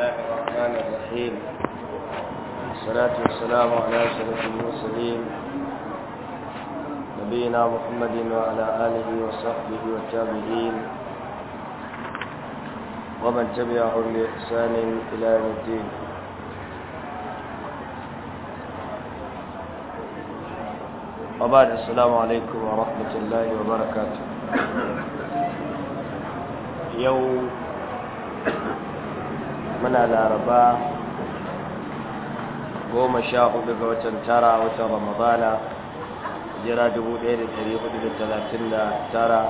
الله الرحمن الرحيم والصلاة والسلام على سيدنا المرسلين نبينا محمد وعلى آله وصحبه والتابعين ومن تبعهم بإحسان إلى يوم الدين وبعد السلام عليكم ورحمة الله وبركاته يوم muna laraba goma sha hudu ga watan tara watan ramadana jira dubu da da dari hudu talatin tara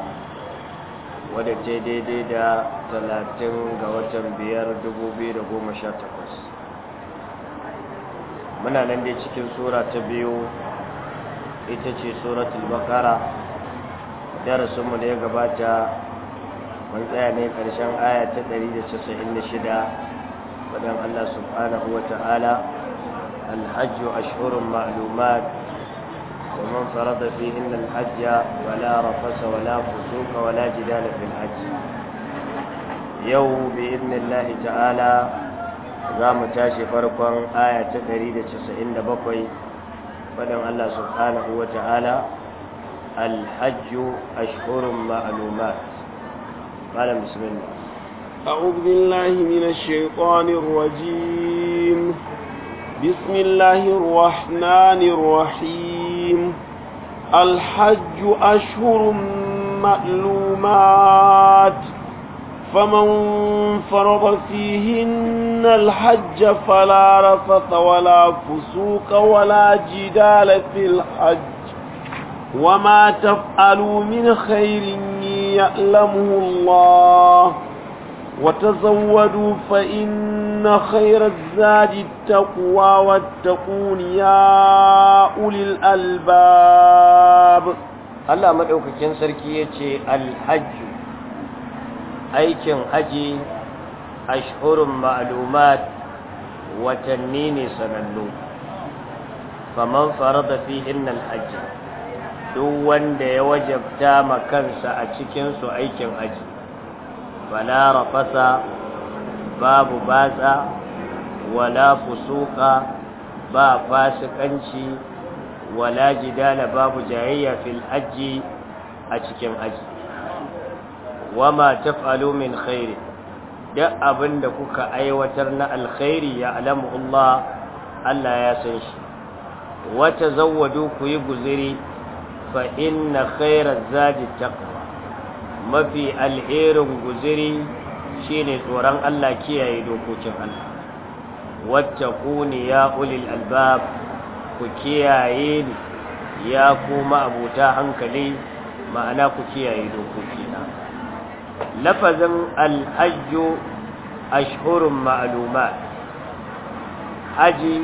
wadda ce daidai da talatin ga watan biyar dubu biyu da goma sha takwas. muna nan dai cikin sura ta biyu ita ce suratul bakara darasinmu da ya gabata mun tsaya ne ƙarshen aya ta 196 فدام الله سبحانه وتعالى الحج أشهر معلومات ومن فرض فيهن الحج ولا رفس ولا فسوق ولا جدال في الحج يوم بإذن الله تعالى za mu tashi farkon aya ta 197 faɗin Allah subhanahu wa ta'ala alhajju ashhurun ma'lumat malam bismillah أعوذ بالله من الشيطان الرجيم بسم الله الرحمن الرحيم الحج أشهر مألومات فمن فرض فيهن الحج فلا رفث ولا فسوق ولا جدال في الحج وما تفعلوا من خير يألمه الله وتزودوا فإن خير الزاد التقوى واتقون يا أولي الألباب الله مدعوك كنسر كيتي الحج أي كن حجي أشهر معلومات وتنيني سننو فمن فرض فيهن الحج duk wanda ya wajabta makansa a cikinsu aikin aji فلا رفس باب باسا ولا فسوق ba فاسقنشي ولا جدال باب جاهية في الحج أتكم أجي وما تفعلوا من خير duk abin da kuka aiwatar na alkhairi ya alamu Allah Allah ya san shi wata zawwadu ku yi guziri fa inna khairaz zadi mafi alherin guziri shine tsoron Allah kiyaye dokokin Allah wacce ne ya ulil albab ku kiyaye ni ya kuma abuta hankali ma'ana ku kiyaye na. lafazin alhajju ashhurun ma'lumat haji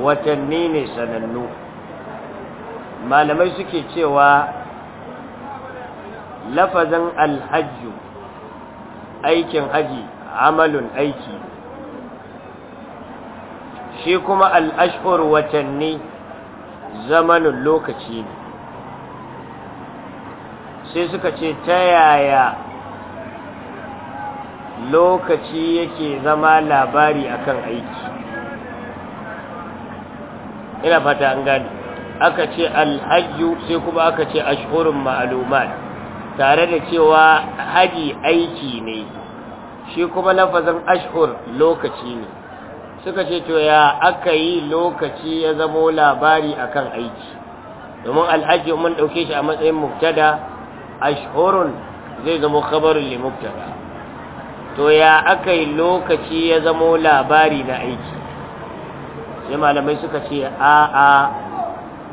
watanni ne sanannu malamai suke cewa lafazin alhajju aikin haji amalun aiki shi kuma al'ashur watanni zamanin lokaci ne sai suka ce ta yaya lokaci yake zama labari akan aiki ina fata an gani aka ce alhajju sai kuma aka ce ashurun ma’alumai tare da cewa haji aiki ne shi kuma lafazin ashhur lokaci ne suka ce to ya aka yi lokaci ya zamo labari akan aiki domin alhaji mun ɗauke shi a matsayin mubtada ashurun zai zamo khabarun li mubtada to ya aka yi lokaci ya zamo labari na aiki sai malamai suka ce a a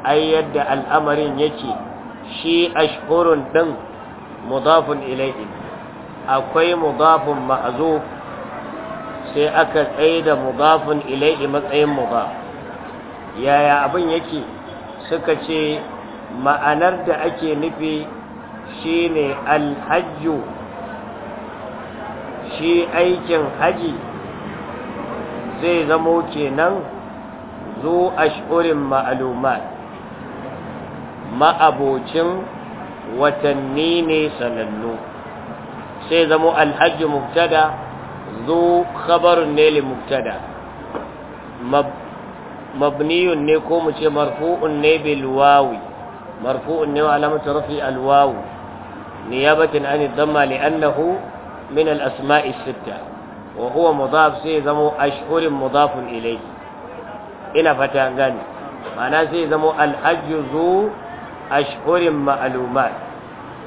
ai yadda al'amarin yake shi ashhurun din mudafun ilayhi akwai mudafun ma'zuf sai aka tsaye da mudafun ilayhi matsayin mudaf yaya abin yake suka ce ma'anar da ake nufi shine alhajju shi aikin haji zai zamo kenan zu ash'urin ma'alumat ma'abocin watanni ne sanannu sai zamo alhajj mubtada zu khabarun ne li mabniyun ne ko mu ce marfu'un ne bil wawi marfu'un sitta wa huwa mudaf sai ashhurin ma'lumat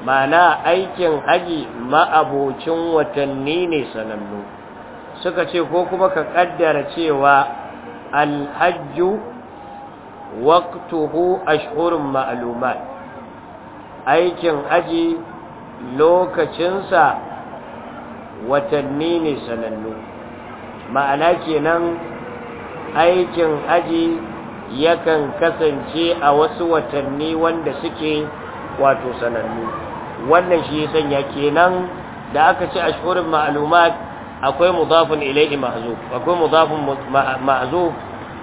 mana aikin haji ma'abocin watanni ne sanannu suka ce ko kuma ka kaddara cewa alhajju waqtuhu ashhurun ma'lumat aikin haji lokacinsa watanni ne sanannu ma'ana kenan aikin haji yakan kasance a wasu watanni wanda suke wato sanannu wannan shi sanya kenan da aka ci ashhurin ma'lumat akwai muzafin ilaihi mahzuf akwai mudafun mahzuf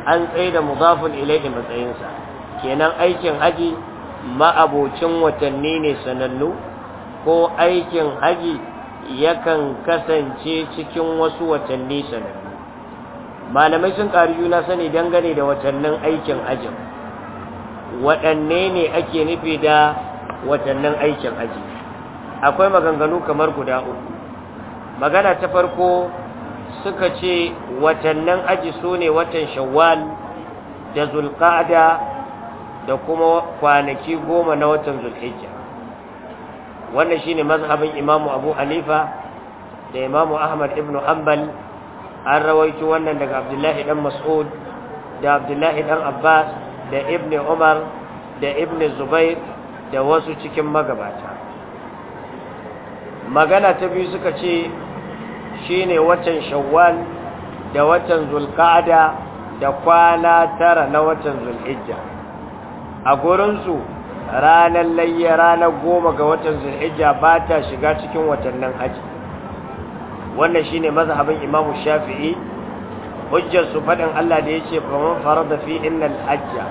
an tsaye da muzafin ilayhi matsayinsa kenan aikin haji ma'abocin watanni ne sanannu ko aikin haji yakan kasance cikin wasu watanni sanannu malamai sun ƙari juna sani dangane da watannin aikin aji. waɗanne ne ake nufi da watannin aikin aji akwai maganganu kamar guda uku magana ta farko suka ce watannin aji su ne watan shawwal da zulƙada da kuma kwanaki goma na watan zulhijja wannan shine mazhabin imamu abu hanifa da imamu ahmad ibn hanbal an rawaito wannan daga abdullahi dan mas'ud da abdullahi dan abbas da ibn umar da ibn zubair da wasu cikin magabata magana ta biyu suka ce shine watan shawwal da watan zulqa'da da kwana tara na watan zulhijja a gurinsu ranar layya ranar goma ga watan zulhijja ba ta shiga cikin watannin haji wannan shine mazhabin imamu shafi'i hujjar su faɗin Allah da yace faman farada fi innal hajja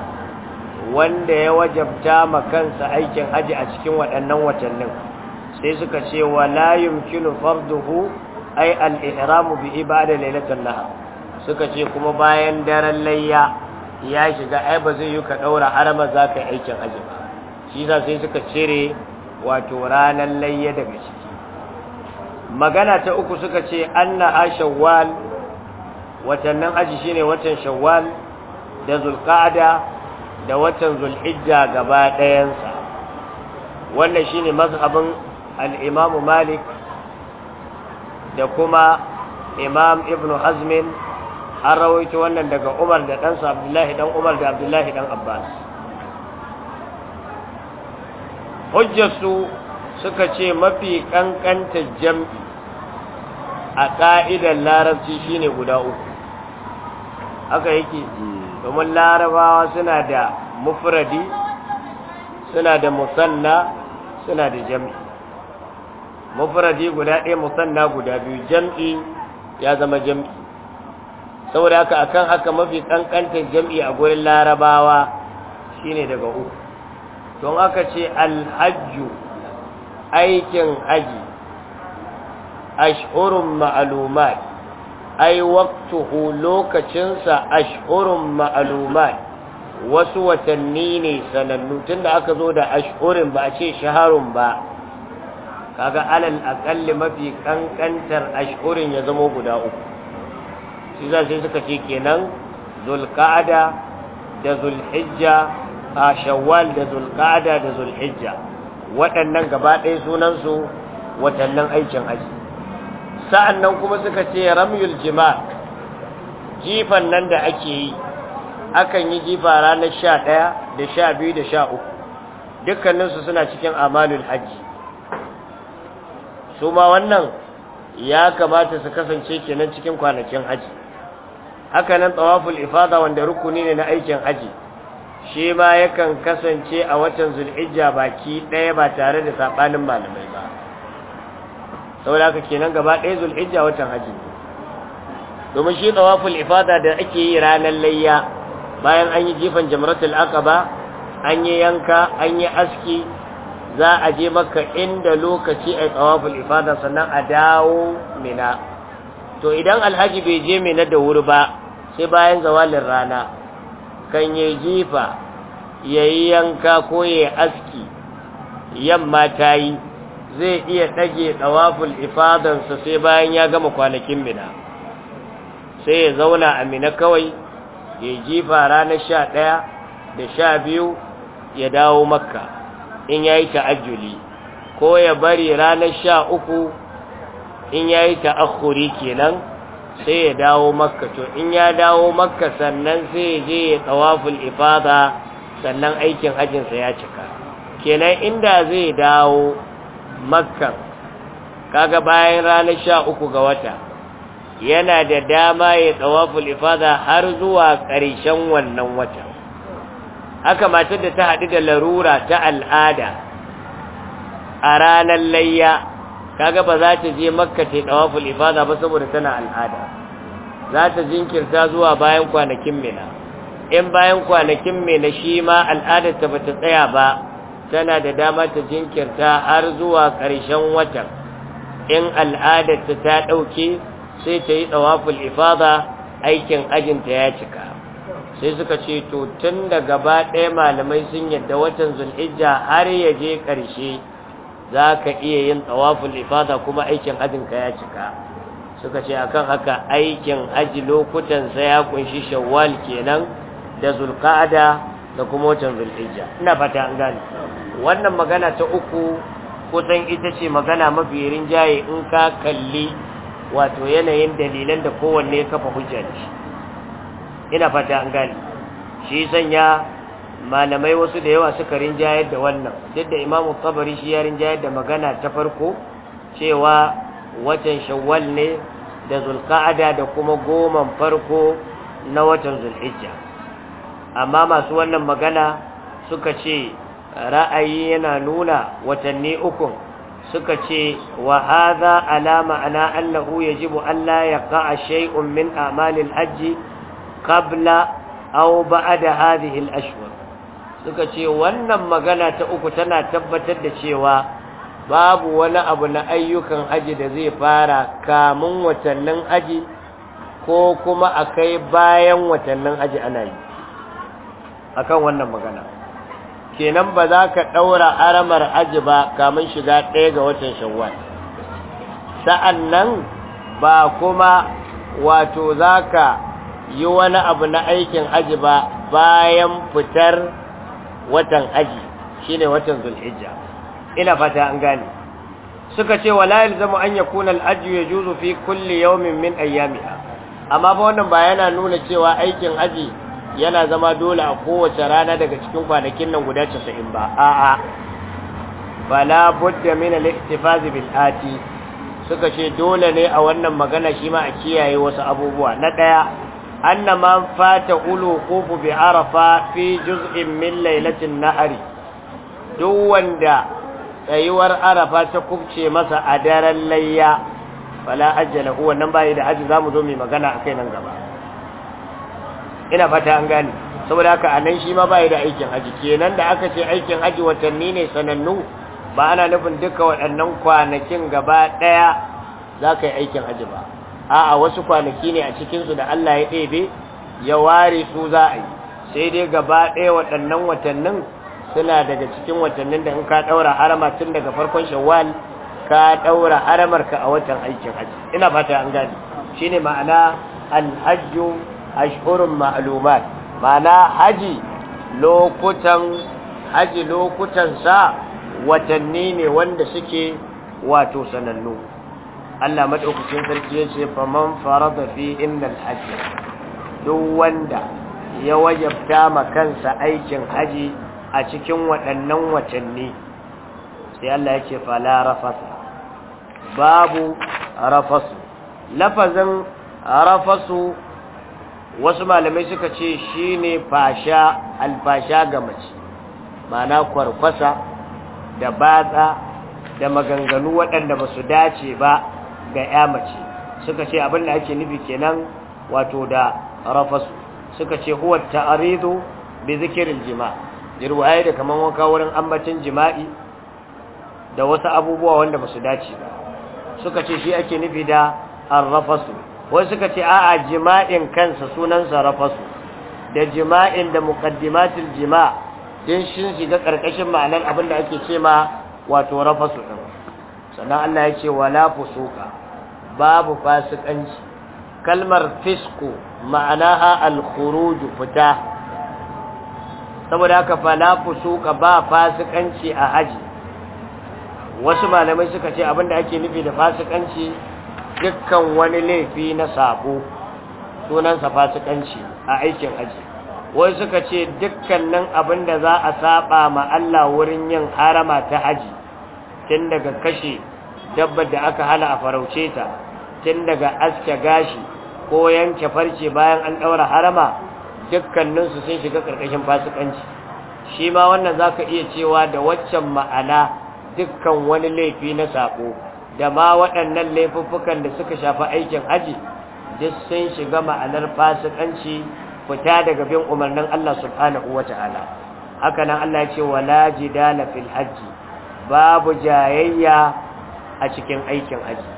wanda ya wajabta ma kansa aikin haji a cikin waɗannan watannin sai suka ce wala yumkinu farduhu ay al-ihram bi ibada lailatul nahar suka ce kuma bayan daren layya ya shiga ai ba zai yi ka daura harama zaka aikin haji ba shi sai suka cire wato ranar layya daga ciki magana ta uku suka ce anna a shawwal watannin aji shine watan shawwal da zulqa'da da watan zulhijja gaba ɗayansa wannan shine mazhabin al-imamu malik da kuma imam ibn hazmin an rawaito wannan daga umar da ɗansa abdullahi dan umar da abdullahi dan abbas hujjarsu suka ce mafi kankanta jam'i a ƙa'idar larabci shine guda uku haka yake domin larabawa suna da mufradi suna da musanna suna da jam'i mufradi guda ɗaya musanna guda biyu jam'i ya zama jam'i saboda haka akan haka mafi ƙanƙantar jam'i a gurin larabawa shine daga uku don aka ce alhajju aikin aji. ashhurun ma'lumat ai waqtuhu lokacinsa ashhurun ma'lumat wasu watanni ne sanannu tunda aka zo da ashhurin ba a ce shaharun ba kaga alal aqalli mafi kankantar ashhurin ya zama guda uku shi za sai suka ce kenan zulqa'ada da zulhijja a shawwal da zulqa'ada da zulhijja waɗannan gaba ɗaya sunansu watannin aikin aji sa'an nan kuma suka ce ramyul jima jifan nan da ake yi akan yi jifa ranar sha ɗaya da sha biyu da sha uku dukkaninsu suna cikin amalin hajji su ma wannan ya kamata su kasance kenan cikin kwanakin hajji hakanan nan tsawaful ifada wanda rukuni ne na aikin hajji shi ma yakan kasance a watan zulhijja baki ɗaya ba tare da saɓanin malamai ba saboda haka kenan gaba ɗaya zulhijja watan haji domin shi tsawaful ifada da ake yi ranar layya bayan an yi jifan jamratul aqaba an yi yanka an yi aski za a je maka inda lokaci a tsawaful ifada sannan a dawo mina to idan alhaji bai je mina da wuri ba sai bayan zawalin rana kan yi jifa yayi yanka ko yayi aski yamma ta yi zai iya ɗage ɗawaful ifadansa sai bayan ya gama kwanakin mina sai ya zauna a mina kawai ya jifa ranar sha ɗaya da sha biyu ya dawo makka in ya yi ta'ajjuli ko ya bari ranar sha uku in ya yi ta'akhuri kenan sai ya dawo makka to in ya dawo makka sannan sai ya je ya ɗawaful ifada sannan aikin hajjinsa ya cika kenan inda zai dawo makka kaga bayan ranar sha uku ga wata yana da dama ya tsawaful ifada har zuwa ƙarshen wannan wata haka matar da ta haɗu da larura ta al'ada a ranar layya kaga ba za ta je makka ta tsawaful ifada ba saboda tana al'ada za ta jinkirta zuwa bayan kwanakin mina in bayan kwanakin mina shi ma al'adarta ba ta tsaya ba tana da dama ta jinkirta har zuwa ƙarshen watan in al'adarta ta ɗauke sai ta yi tsawaful ifada aikin ajinta ya cika sai suka ce to tun da gaba ɗaya malamai sun yadda watan zulhijja har ya je ƙarshe za ka iya yin tsawaful ifada kuma aikin ajinka ya cika suka ce akan haka aikin aji lokutansa ya kunshi shawwal kenan da zulƙa'ada da kuma watan zulhijja ina fata an gane wannan magana ta uku kusan ita ce magana mafi rinjaye in ka kalli wato yanayin dalilan da kowanne kafa hujja ne. ina fata an gani shi sanya malamai wasu da yawa suka rinjayar da wannan duk da imamu tabari shi ya rinjaye da magana ta farko cewa watan shawwal ne da zulqa'ada da kuma goman farko na watan zulhijja amma masu wannan magana suka ce ra'ayi yana nuna watanni uku suka ce wa hadha ala ma'ana annahu yajibu Allah ya yaqa shay'un min amalin hajji qabla aw ba'da hadhihi al-ashhur suka ce wannan magana ta uku tana tabbatar da cewa babu wani abu na ayyukan haji da zai fara kamun watannin haji ko kuma akai bayan watannin haji ana yi akan wannan magana kenan ba za ka ɗaura aramar aji ba kamun shiga ɗaya ga watan shawwal sa'an nan ba kuma wato za ka yi wani abu na aikin aji ba bayan fitar watan aji shine watan zulhijja ina fata an gane suka ce wala zama an yakuna al ya juzu fi kulle yawmin min ayyami amma ba wannan ba yana nuna cewa aikin aji yana zama dole a kowace rana daga cikin kwanakin nan guda 90 ba a'a Bala budda min al-ihtifaz bil ati suka ce dole ne a wannan magana shi ma a kiyaye wasu abubuwa na daya anna man fata uluqufu bi arafa fi juz'in min lailatin nahari duk wanda tsayuwar arafa ta kubce masa a daren layya fala ajala huwa nan bai da aji zamu zo mai magana akai nan gaba ina fata an gane saboda haka anan shi ma bai da aikin haji kenan da aka ce aikin aji watanni ne sanannu ba ana nufin duka waɗannan kwanakin gaba ɗaya za ka yi aikin aji ba a'a wasu kwanaki ne a cikinsu da Allah ya ɗebe ya ware su za a yi sai dai gaba ɗaya waɗannan watannin suna daga cikin watannin da in ka ɗaura harama tun daga farkon shawwal ka ɗaura haramarka a watan aikin haji ina fata an gane shine ma'ana alhajju ashhurun ma'lumat mana haji lokutan haji lokutan sa watanni ne wanda suke wato sanannu Allah madaukakin sarki yace faman farada fi innal hajj duk wanda ya wajabta ma kansa aikin haji a cikin waɗannan watanni sai Allah yake fala rafasa babu rafasu lafazin rafasu wasu malamai suka ce shi ne fasha alfasha ga mace mana kwarkwasa da batsa da maganganu waɗanda ba su dace ba ga ya mace suka ce abin ake nufi kenan wato da rafasu suka ce huwa ta'aridu bi zikirin jima yi da kamar wanka wurin ambacin jima'i da wasu abubuwa wanda ba su dace ba suka ce shi ake nufi da arrafasu wasu suka ce a'a jima'in kansa sunansa rafasu da jima'in da muqaddimatul jima' din shin shiga karkashin ma'anar abin da ake ce ma wato rafasu din sannan Allah ya ce wala fusuka babu fasikanci kalmar fisku ma'anaha al-khuruj fita saboda haka fala fusuka ba fasikanci a haji wasu malamai suka ce abin da ake nufi da fasikanci dukkan wani laifi na sabo sunansa fasikanci a aikin aji wai suka ce dukkanin abin da za a saba ma Allah wurin yin harama ta aji tun daga kashe dabbar da aka hana a farauce ta tun daga aske gashi ko yanke farce bayan an daura harama dukkaninsu sun shiga ƙarƙashin fasikanci shi ma wannan za ka iya cewa da waccan ma'ana dukkan wani laifi na sabo da ma waɗannan laifuffukan da suka shafi aikin haji duk sun shiga ma'anar fasikanci fita daga bin umarnin Allah subhanahu wata'ala haka nan Allah ya ce wala jidala fil haji babu jayayya a cikin aikin haji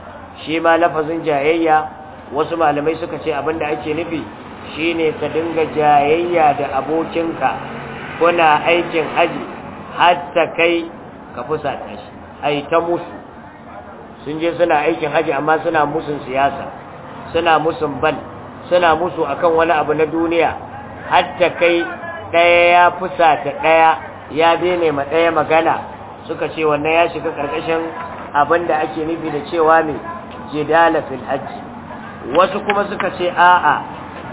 shi ma lafazin jayayya wasu malamai suka ce abinda ake nufi shine ka dinga jayayya da abokinka kuna aikin haji ta kai ka fusata shi ai ta musu sun je suna aikin haji amma suna musun siyasa suna musun ban suna musu akan wani abu na duniya hatta kai ɗaya ya fusa ta ɗaya ya daina ma ɗaya magana suka ce wannan ya shiga ƙarƙashin abin da ake nufi da cewa mai jidala fil hajji wasu kuma suka ce a'a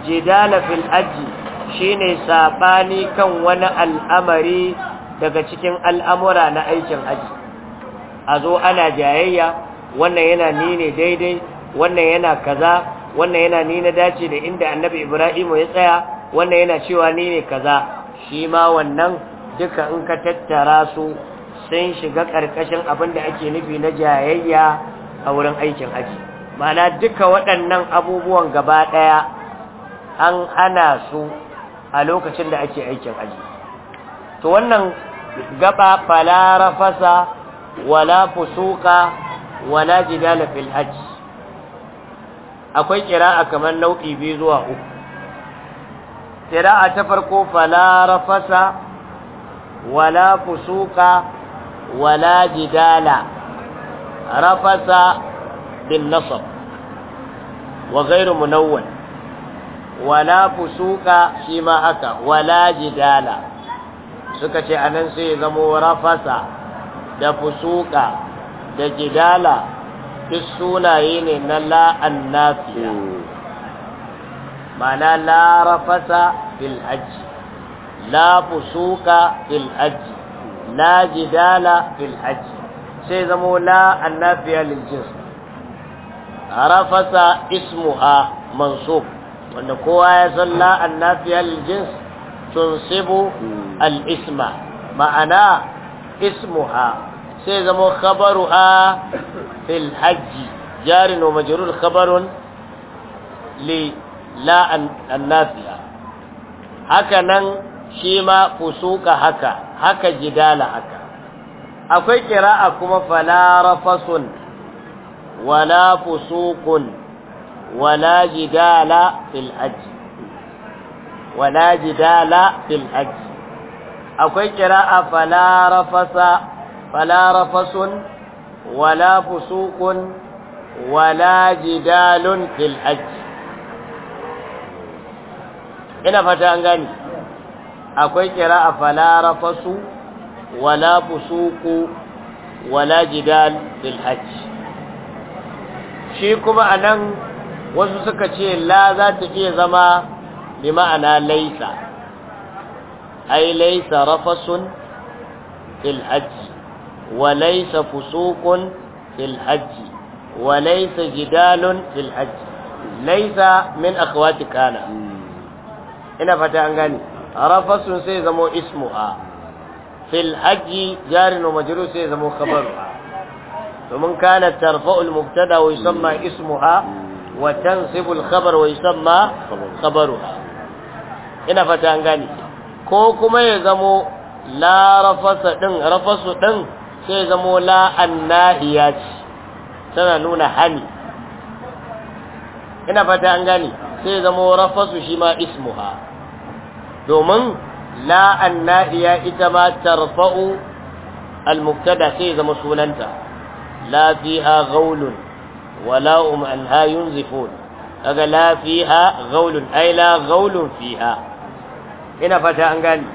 jidala fil hajji shine saɓani kan wani al'amari daga cikin al'amura na aikin aji. a zo ana jayayya wannan yana ni ne daidai wannan yana kaza wannan yana ni na dace da inda annabi ibrahimu ya tsaya wannan yana cewa ni ne kaza shi ma wannan duka in ka tattara su sun shiga ƙarƙashin abin da ake nufi na jayayya a wurin aikin aji ma'ana duka waɗannan abubuwan gaba ɗaya an ana su a lokacin da ake aikin aji to wannan gaba fala rafasa wala fusuka wala jidala fil hajj akwai kira'a kamar nau'i biyu zuwa uku kira'a ta farko fala rafasa wala fusuka wala jidala rafasa bin nasab wa ghairu munawwal wala fusuka shi ma haka wala jidala suka ce anan sai zamo rafasa da fusuka da jidala duk sunaye ne na la'an nafiya mana larafasa fil hajji la fusuka fil hajji la jidala fil hajji sai zamo la'an nafiya liljins rafasa ismuha mansub wanda kowa ya san la'an nafiya liljins tunsibu al al'isma. ma'ana ismuha sai zama khabaruha fil hajji jarin wa majrur khabarun li la annasiya haka nan shi ma fusuka haka haka jidala haka akwai kira'a kuma fala rafasun wala fusukun wala jidala fil hajji wala jidala fil hajji akwai kira'a fala rafasa فلا رفس ولا فسوق ولا جدال في الحج ina fata an gani akwai kira'a fala rafasu wala fusuku wala jidal fil hajj shi kuma anan wasu suka ce la za ta iya zama bi ma'ana laisa ai laisa rafasun fil hajj وليس فسوق في الحج وليس جدال في الحج ليس من أخوات كان هنا فتاة أنغاني رفص سيزمو اسمها في الحج جار ومجرور سيزمو خبرها فمن كانت ترفع المبتدا ويسمى اسمها وتنصب الخبر ويسمى خبرها هنا فتاة أنغاني ko kuma ya zamo la rafasa ɗin rafasu ɗin sai zamo la annahiya ce tana nuna hani ina fata an gani. sai zamo rafasu shi ma ismuha domin la annahiya ita ma tarfa'u al-mubtada sai zama sunanta la fiha ghaulun wala um anha yunzifun kaga la fiha ghaulun ay la ghaulun fiha ina fata an gani.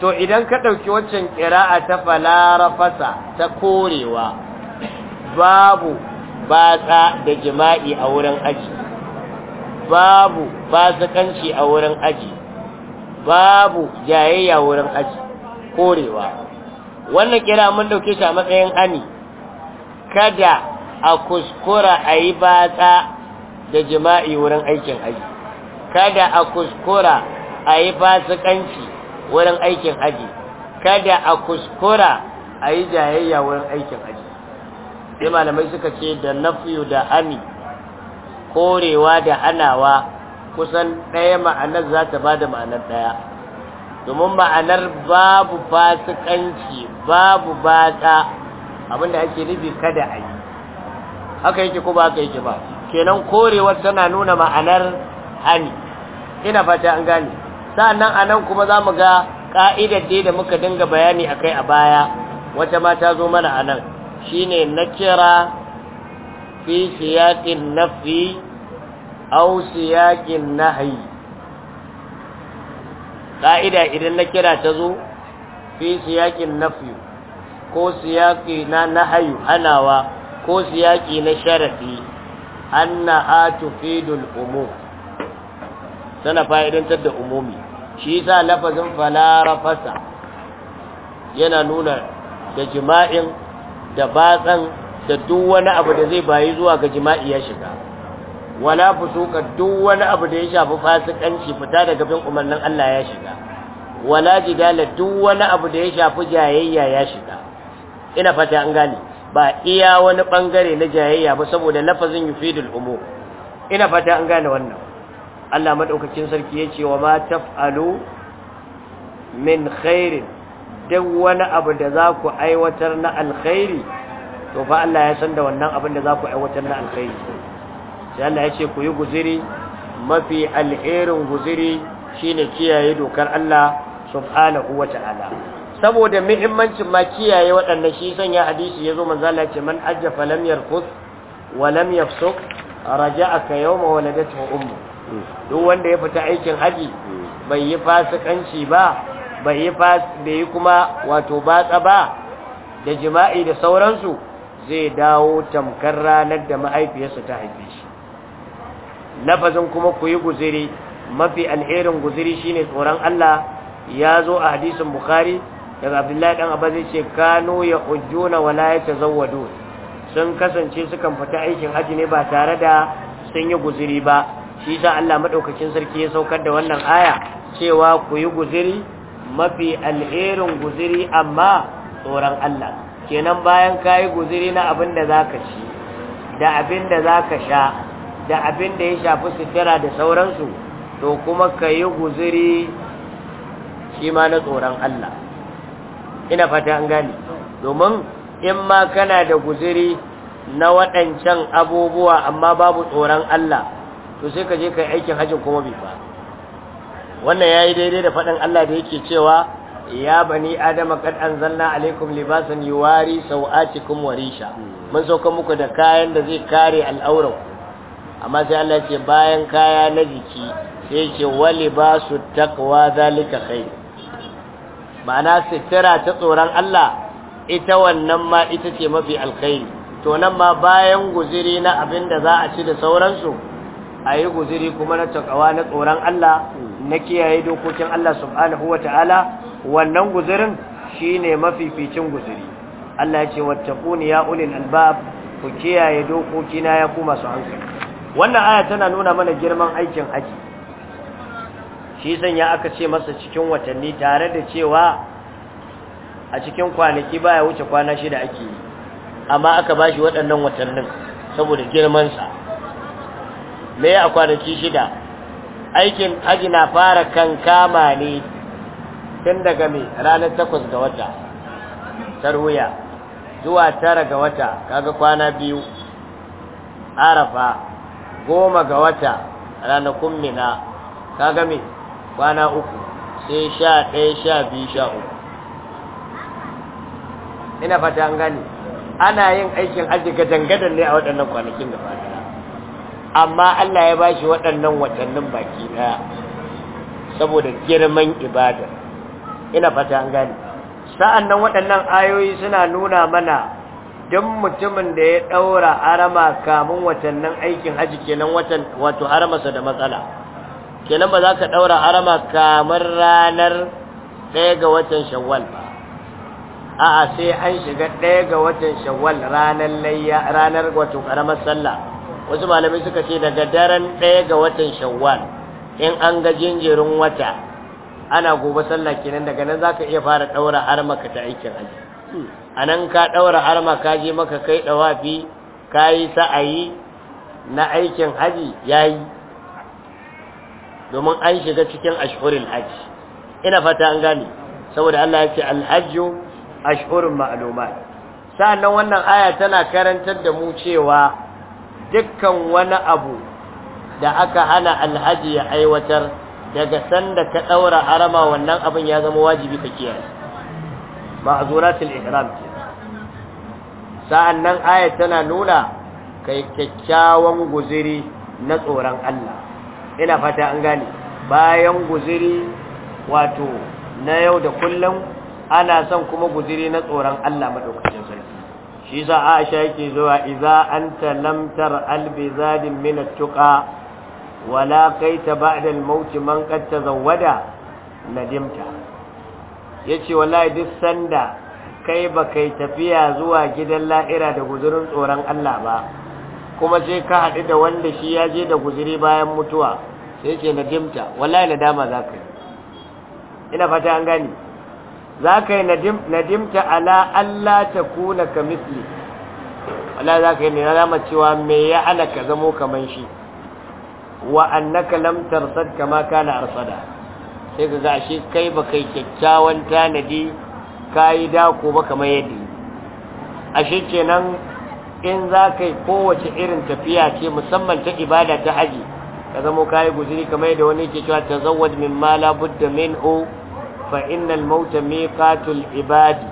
to idan ka ɗauki waccan ƙira'a ta fasa ta korewa babu batsa da jima'i a wurin aji babu basakanci a wurin aji babu jayayya wurin aji korewa wannan kira mun ɗauke shi a matsayin ani kada a kuskura a yi batsa da jima'i wurin aikin aji kada a kuskura a yi fasikanci wurin aikin haji kada a kuskura a yi jayayya wurin aikin haji sai malamai suka ce da nafiyu da ami korewa da hanawa kusan ɗaya ma'anar za ta ba da ma'anar ɗaya domin ma'anar babu fasikanci babu batsa abinda ake nufi kada a yi haka yake ko ba haka yake ba kenan korewar tana nuna ma'anar hani ina fata an gane sa'annan anan kuma za mu ga ka'idar da muka dinga bayani akai a baya wata ma ta zo mana anan na kira fi siyaqin nafi aw na nahyi ka'ida idan na kira ta zo fi siyaqin nafi ko siyaƙi na nahyi hanawa ko siyaƙi na sharafi a tufi dul'umu tana fa'idantar da umumi shi sa lafazin fala rafasa yana nuna da jima'in da batsan da duk wani abu da zai bayi zuwa ga jima'i ya shiga wala fusuka duk wani abu da ya shafi fasikanci fita daga bin umarnin Allah ya shiga wala jidala duk wani abu da ya shafi jayayya ya shiga ina fata an gane ba iya wani bangare na jayayya ba saboda lafazin yufidul umur ina fata an gane wannan Allah madaukakin sarki yace wa ma taf'alu min khairin duk wani abu da za ku aiwatar na alkhairi to fa Allah ya san da wannan abin da za ku aiwatar na alkhairi sai Allah ya ce ku yi guziri mafi alherin guziri shine kiyaye dokar Allah subhanahu ta'ala. saboda muhimmancin ma kiyaye waɗannan shi sanya hadisi yazo manzo Allah ya man ajja falam yarfus wa lam yafsuk raja'aka yawma waladatuhu ummu duk wanda ya fita aikin haji bai yi fasikanci ba bai yi bai kuma wato batsa ba da jima'i da sauransu zai dawo tamkar ranar da ma'aifiyarsa ta haife shi lafazin kuma ku yi guziri mafi alherin guziri shine tsoron Allah ya zo a hadisin bukhari daga abdullahi ɗan abazai ce kano ya hujjuna wala ya tazawwadu sun kasance sukan fita aikin haji ne ba tare da sun yi guziri ba shi sa Allah madaukakin sarki ya saukar da wannan aya cewa ku yi guziri mafi alherin guziri amma tsoron Allah kenan bayan ka yi guziri na abin da za ka ci da abin da za ka sha da abin da ya shafi sutura da sauransu to kuma ka yi guziri shi ma na tsoron Allah ina fata an gani domin in ma kana da guziri na waɗancan abubuwa amma babu tsoron Allah to sai ka je ka yi aikin hajjin kuma bai ba wannan ya yi daidai da faɗin Allah da yake cewa ya bani adama kad zanna alaikum libasan yuwari sau'atikum wa risha mun sauka muku da kayan da zai kare al'auran amma sai Allah ce bayan kaya na jiki sai ce wa libasu taqwa zalika khair ma'ana sitira ta tsoron Allah ita wannan ma ita ce mafi alkhairi to nan ma bayan guziri na abin da za a ci da sauransu a yi guziri kuma na takawa na tsoron Allah na kiyaye dokokin Allah subhanahu wa ta'ala wannan guzirin shi ne mafificin guziri Allah ce Kuni ya ulil albab ku kiyaye dokokina ya kuma su hankali wannan aya tana nuna mana girman aikin haji shi sanya aka ce masa cikin watanni tare da cewa a cikin kwanaki baya wuce kwana shida ake yi amma aka bashi waɗannan watannin saboda girmansa me a kwanaki shida aikin haji na fara kan kama ne tun daga mai ranar takwas ga wata tarwiya zuwa tara ga wata kaga kwana biyu arafa goma ga wata ranakun mina kaga mai kwana uku sai sha ɗaya sha biyu sha uku ina fata an gani ana yin aikin aji gadangadan ne a waɗannan kwanakin da fata amma Allah ya bashi waɗannan watannin baki daya saboda girman ibada ina fata an Sa'an sa'annan waɗannan ayoyi suna nuna mana duk mutumin da ya ɗaura arama kamun watannin aikin haji kenan watan wato haramarsa da matsala kenan ba za ka ɗaura arama kamun ranar ɗaya ga watan shawwal ba a'a sai an shiga ɗaya ga watan shawwal ranar layya ranar wato ƙaramar sallah wasu malamai suka ce daga daren ɗaya ga watan shawwal in an ga jinjirin wata ana gobe sallah kenan daga nan za ka iya fara ɗaura harmaka ta aikin haji nan ka ɗaura harma ka je maka kai ɗawafi, ka yi sa'ayi na aikin haji yi, domin an shiga cikin ashhurul haji ina fata an gane saboda Allah ya ce alhajju hajju ashhurun sa'an sa'annan wannan aya tana karantar da mu cewa dukkan wani abu da aka hana alhaji ya aiwatar daga sanda ka daura harama wannan abin ya zama wajibi ka kiyaye ma'zuratul ihram ke sa'annan ayat tana nuna kai kyakkyawan guziri na tsoron Allah ina fata an gane bayan guziri wato na yau da kullum ana son kuma guziri na tsoron Allah madaukaki shi yasa Aisha yake zuwa iza an talamtar albizadin min tuka tuqa ta ba ba'da al-maut man qad tazawwada nadimta yace wallahi duk sanda kai ba kai tafiya zuwa gidan la'ira da guzurin tsoron Allah ba kuma sai ka haɗu da wanda shi ya je da guzuri bayan mutuwa sai ce nadimta wallahi nadama zaka yi ina fata an gani za ka yi nadimta ala Allah ta kuna ka misli Allah za ka yi nadama cewa me ya ana ka zamo kaman shi wa annaka lam tarsad kama kana arsada sai ka a shi kai ba kai kyakkyawan tanadi kayi dako ba kamar yadda ashe kenan in za ka yi kowace irin tafiya ce musamman ta ibada ta haji ka zamo kayi guzuri kamar yadda wani ke cewa tazawwaj min ma min o. fa innal mauta miqatul ibadi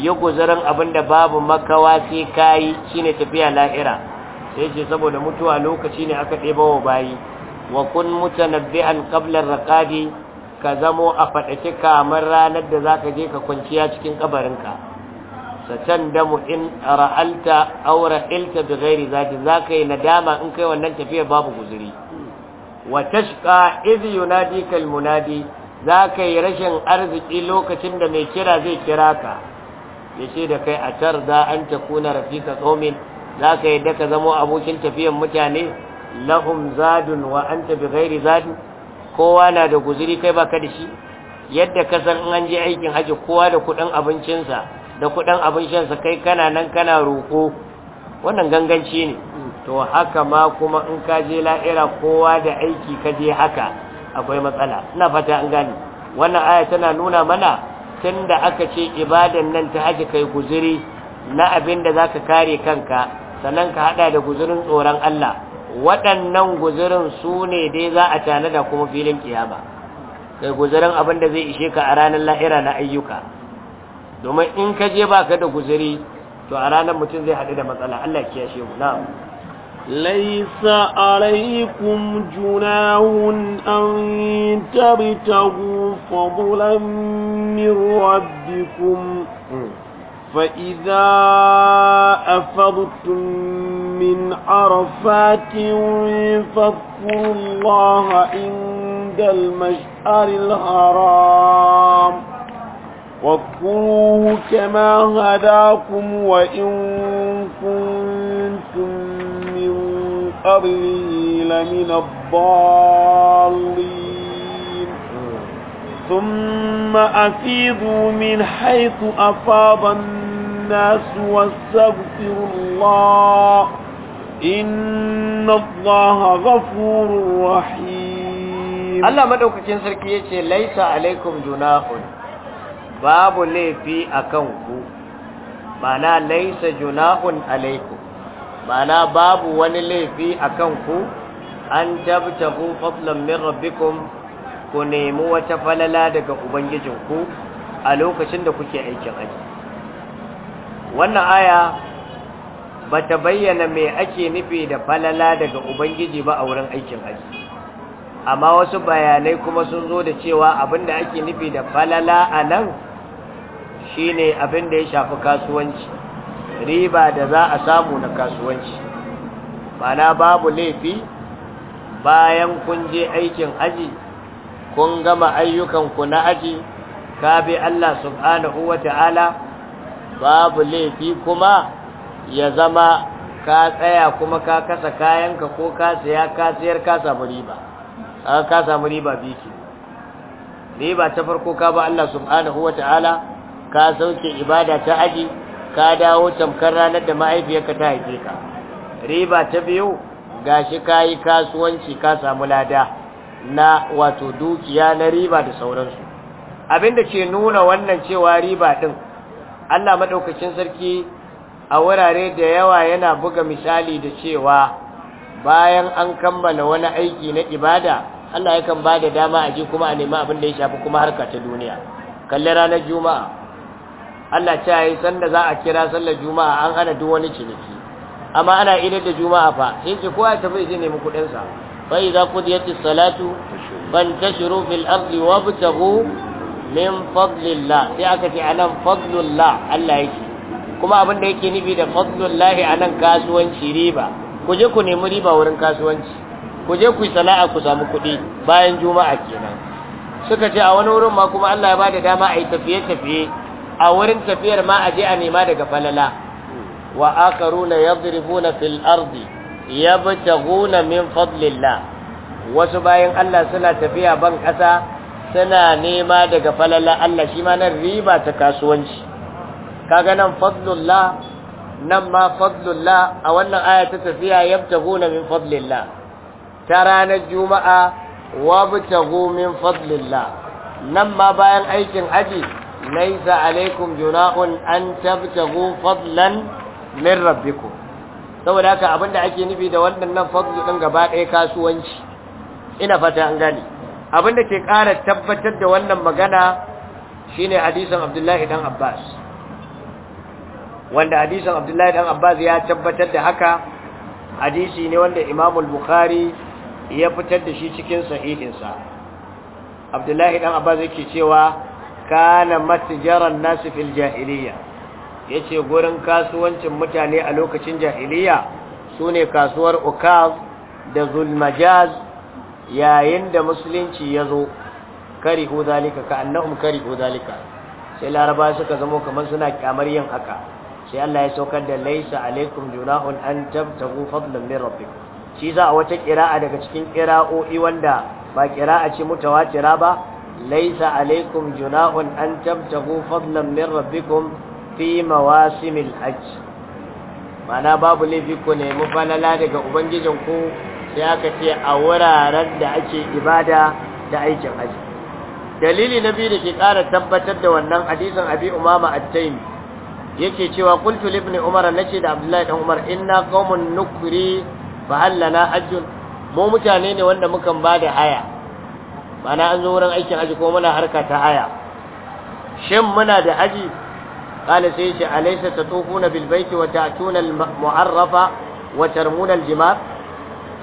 ya abin abinda babu makawa sai kai shine tafiya lahira sai ce saboda mutuwa lokaci ne aka ɗebo wa bayi wa kun mutanabbi'an qabla raqadi ka zamo a faɗaki kamar ranar da zaka je ka kwanciya cikin kabarinka satan damu in ra'alta aw ra'ilta bighairi zati zaka yi nadama in kai wannan tafiya babu guzuri wa tashqa idh yunadika almunadi za ka yi rashin arziki lokacin da mai kira zai kira ka ya ce da kai a tar za an ta kuna rafika tsomin za ka yi daka zamo abokin tafiyan mutane lahum zadun wa an ta bi gairi zadun kowa na da guziri kai baka da shi yadda ka san an je aikin haji kowa da kudin abincinsa da kudin abincinsa kai kana nan kana roƙo? wannan ganganci ne to haka ma kuma in ka je la'ira kowa da aiki ka je haka akwai matsala ina fata an gani wannan aya tana nuna mana tunda aka ce ibadan nan ta haji kai guzuri na abin da zaka kare kanka sannan ka hada da guzurin tsoron Allah waɗannan guzurin su ne dai za a tana da kuma filin kiyama kai guzurin abin da zai ishe ka a ranar lahira na ayyuka domin in ka je baka da guziri to a ranar mutum zai haɗu da matsala Allah ya kiyashe mu na'am ليس عليكم جناه أن تبتغوا فضلا من ربكم فإذا أفضتم من عرفات فاذكروا الله عند المشعر الحرام واذكروه كما هداكم وإن كنتم قبله لمن الضالين ثم أفيضوا من حيث أفاض الناس واستغفروا الله إن الله غفور رحيم الله مدوكاكين سركي يتي ليس عليكم جناح باب لي في أكنكم معنى ليس جناح عليكم ma'ana babu wani laifi a kanku an tabtahu fadlan min rabbikum ku nemi wata falala daga ubangijinku a lokacin da kuke aikin aji wannan aya ba ta bayyana me ake nufi da falala daga ubangiji ba a wurin aikin aji amma wasu bayanai kuma sun zo da cewa abinda ake nufi da falala a nan shine abinda ya shafi kasuwanci riba da za a samu na kasuwanci mana babu laifi bayan kun je aikin aji kun gama ayyukanku na aji ka bi Allah subhanahu wa babu laifi kuma ya zama ka tsaya kuma ka kasa kayanka ko ka siya ka siyar ka samu riba ka samu riba biki riba ta farko ka ba Allah subhanahu wa ka sauke ibada ta aji ka dawo tamkar ranar da mahaifiyarka ta haife ka riba ta biyu gashi kayi kasuwanci ka samu lada na wato dukiya na riba da sauransu abinda ke nuna wannan cewa riba din Allah madaukakin sarki a wurare da yawa yana buga misali da cewa bayan an kammala wani aiki na ibada Allah yakan ba da dama a ji kuma a nemi abin da ya shafi kuma harka ta duniya kalli ranar juma'a Allah ce yayi sanda za a kira sallar juma'a an hana duk wani ciniki amma ana idar da juma'a fa sai ce kowa ya tafi zai nemi kuɗin sa fa idza qudiyatis salatu fantashiru fil ardi wabtaghu min fadlillah sai aka ce anan fadlullah Allah yake kuma abin da yake nufi da fadlullah anan kasuwanci riba ku je ku nemi riba wurin kasuwanci ku je ku yi sana'a ku samu kuɗi bayan juma'a kenan suka ce a wani wurin ma kuma Allah ya bada dama a yi tafiye-tafiye a wurin tafiyar ma a je a nema daga falala wa akaruna yadribuna fil ardi yabtaguna min fadlillah wasu bayan Allah suna tafiya ban ƙasa, suna nema daga falala Allah shi ma riba ta kasuwanci kaga nan fadlullah nan ma fadlullah a wannan aya ta tafiya yabtaguna min fadlillah ta ranar juma'a wabtagu min fadlillah nan ma bayan aikin aji ليس عليكم جناح أن تبتغوا فضلا من ربكم saboda haka abinda da ake nufi da waɗannan fadlu ɗin gaba ɗaya kasuwanci ina fata an gani. abinda ke ƙara tabbatar da wannan magana shine hadisin Abdullahi dan Abbas wanda hadisin Abdullahi dan Abbas ya tabbatar da haka hadisi ne wanda Imam al-Bukhari ya fitar da shi cikin sahihinsa Abdullahi dan Abbas yake cewa kana matjaran nasu fil jahiliya yace gurin kasuwancin mutane a lokacin jahiliya sune kasuwar ukaz da zulmajaz yayin da musulunci yazo ko zalika ka annahum kari ko zalika sai laraba suka zama kamar suna kyamar yin haka sai Allah ya saukar da laisa alaikum junahun an tabtagu fadlan min rabbikum shi za a wata kira'a daga cikin kira'o'i wanda ba kira'a ce mutawatira ba ليس عليكم جناح أن تبتغوا فضلا من ربكم في مواسم الحج معنى باب لفكو نيمو فللا دقا أبنجزنكو سياكتي أورا رد إبادة دعيش الحج dalili na biyu da ke ƙara tabbatar da wannan hadisin abi umama at yake cewa qultu li ibn umar nace da abdullahi dan umar inna qaumun nukri fa hallana hajjun mu mutane ne wanda mukan bada haya mana an zo wurin aikin aji ko muna harka ta haya shin muna da aji qala sai shi alaysa tatufuna bil baiti wa ta'tuna al mu'arrafa wa tarmuna al jimar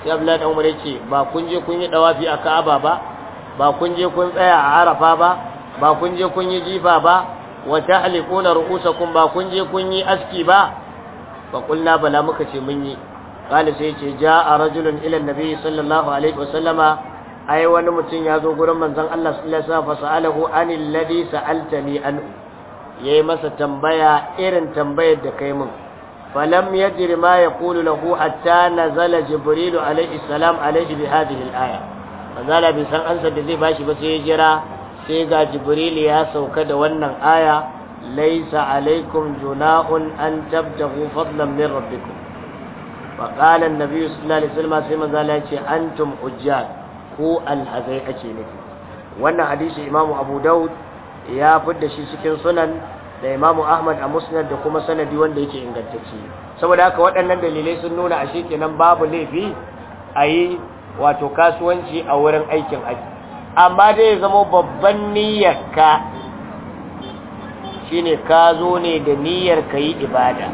sai abla da umar yake ba kun je kun yi dawafi a ka'aba ba ba kun je kun tsaya a arafa ba ba kun je kun yi jifa ba wa tahliquna ru'usakum ba kun je kun yi aski ba fa qulna bala muka ce mun yi qala sai yace ja'a rajulun ila an-nabi sallallahu alaihi wa sallama ai wani mutum ya zo gurin manzon Allah sallallahu alaihi wasallam fasalahu anil ladhi sa'altani an yayi masa tambaya irin tambayar da kai min falam yajri ma yaqulu lahu hatta nazala jibril alaihi salam alaihi bi hadhihi al-aya manzala bai san ansa da zai bashi ba sai ya jira sai ga jibril ya sauka da wannan aya laisa alaikum juna'un an tabtahu fadlan min rabbikum فقال النبي صلى الله عليه وسلم سيما ce, أنتم حجاج ko alhazai ake nufi wannan hadisi imamu abu daud ya fidda shi cikin sunan da imamu ahmad a musnad da kuma sanadi wanda yake ingantacce saboda haka waɗannan dalilai sun nuna a nan babu laifi a yi wato kasuwanci a wurin aikin aji amma dai ya zama babban niyyarka shine ka zo ne da niyyar ka yi ibada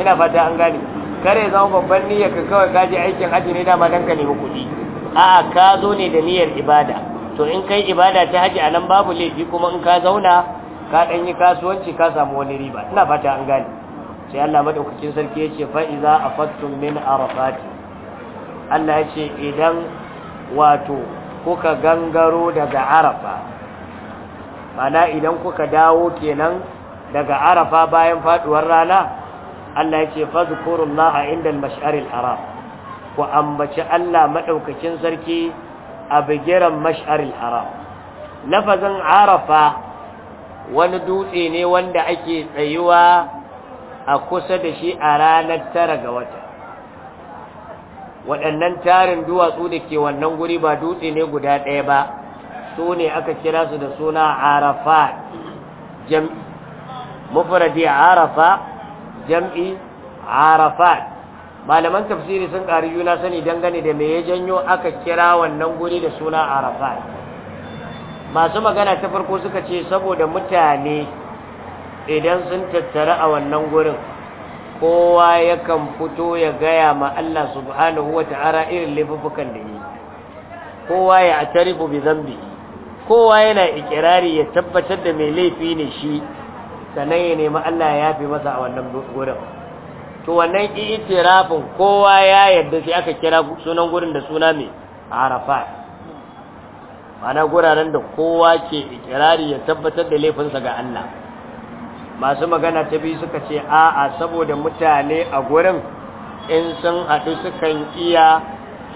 ina fata an gane kare zama babban ka kawai kaji aikin aji ne dama don ka nemi kuɗi a'a ka zo ne da niyyar ibada to in kai ibada ta haji a nan babu laifi kuma in ka zauna ka dan yi kasuwanci ka samu wani riba ina fata an gane sai Allah madaukakin sarki yace fa iza afattum min arafat Allah yace idan wato kuka gangaro daga arafa mana idan kuka dawo kenan daga arafa bayan faduwar rana Allah yace fazkurullaha inda al-mash'aril haram ku ambaci Allah madaukakin sarki a bigiran mash'aril haram lafazin arafa wani dutse ne wanda ake tsayuwa a kusa da shi a ranar tara ga wata waɗannan tarin duwatsu da ke wannan guri ba dutse ne guda ɗaya ba su ne aka kira su da suna arafa jam'i mufradi arafa jam'i arafat malaman tafsiri sun ƙari juna sani dangane da me ya janyo aka kira wannan guri da suna arafat masu magana ta farko suka ce saboda mutane idan sun tattara a wannan gurin kowa yakan fito ya gaya ma Allah subhanahu wa ta'ala irin laifukan da yi kowa ya atarifu bi zambi kowa yana ikirari ya tabbatar da mai laifi ne shi sannan ya nemi Allah ya yafe masa a wannan gurin to wannan itirafin kowa ya yadda sai aka kira sunan gurin da suna mai arafa mana guraren da kowa ke ikirari ya tabbatar da laifinsa ga Allah masu magana ta biyu suka ce a'a saboda mutane a gurin in sun haɗu sukan iya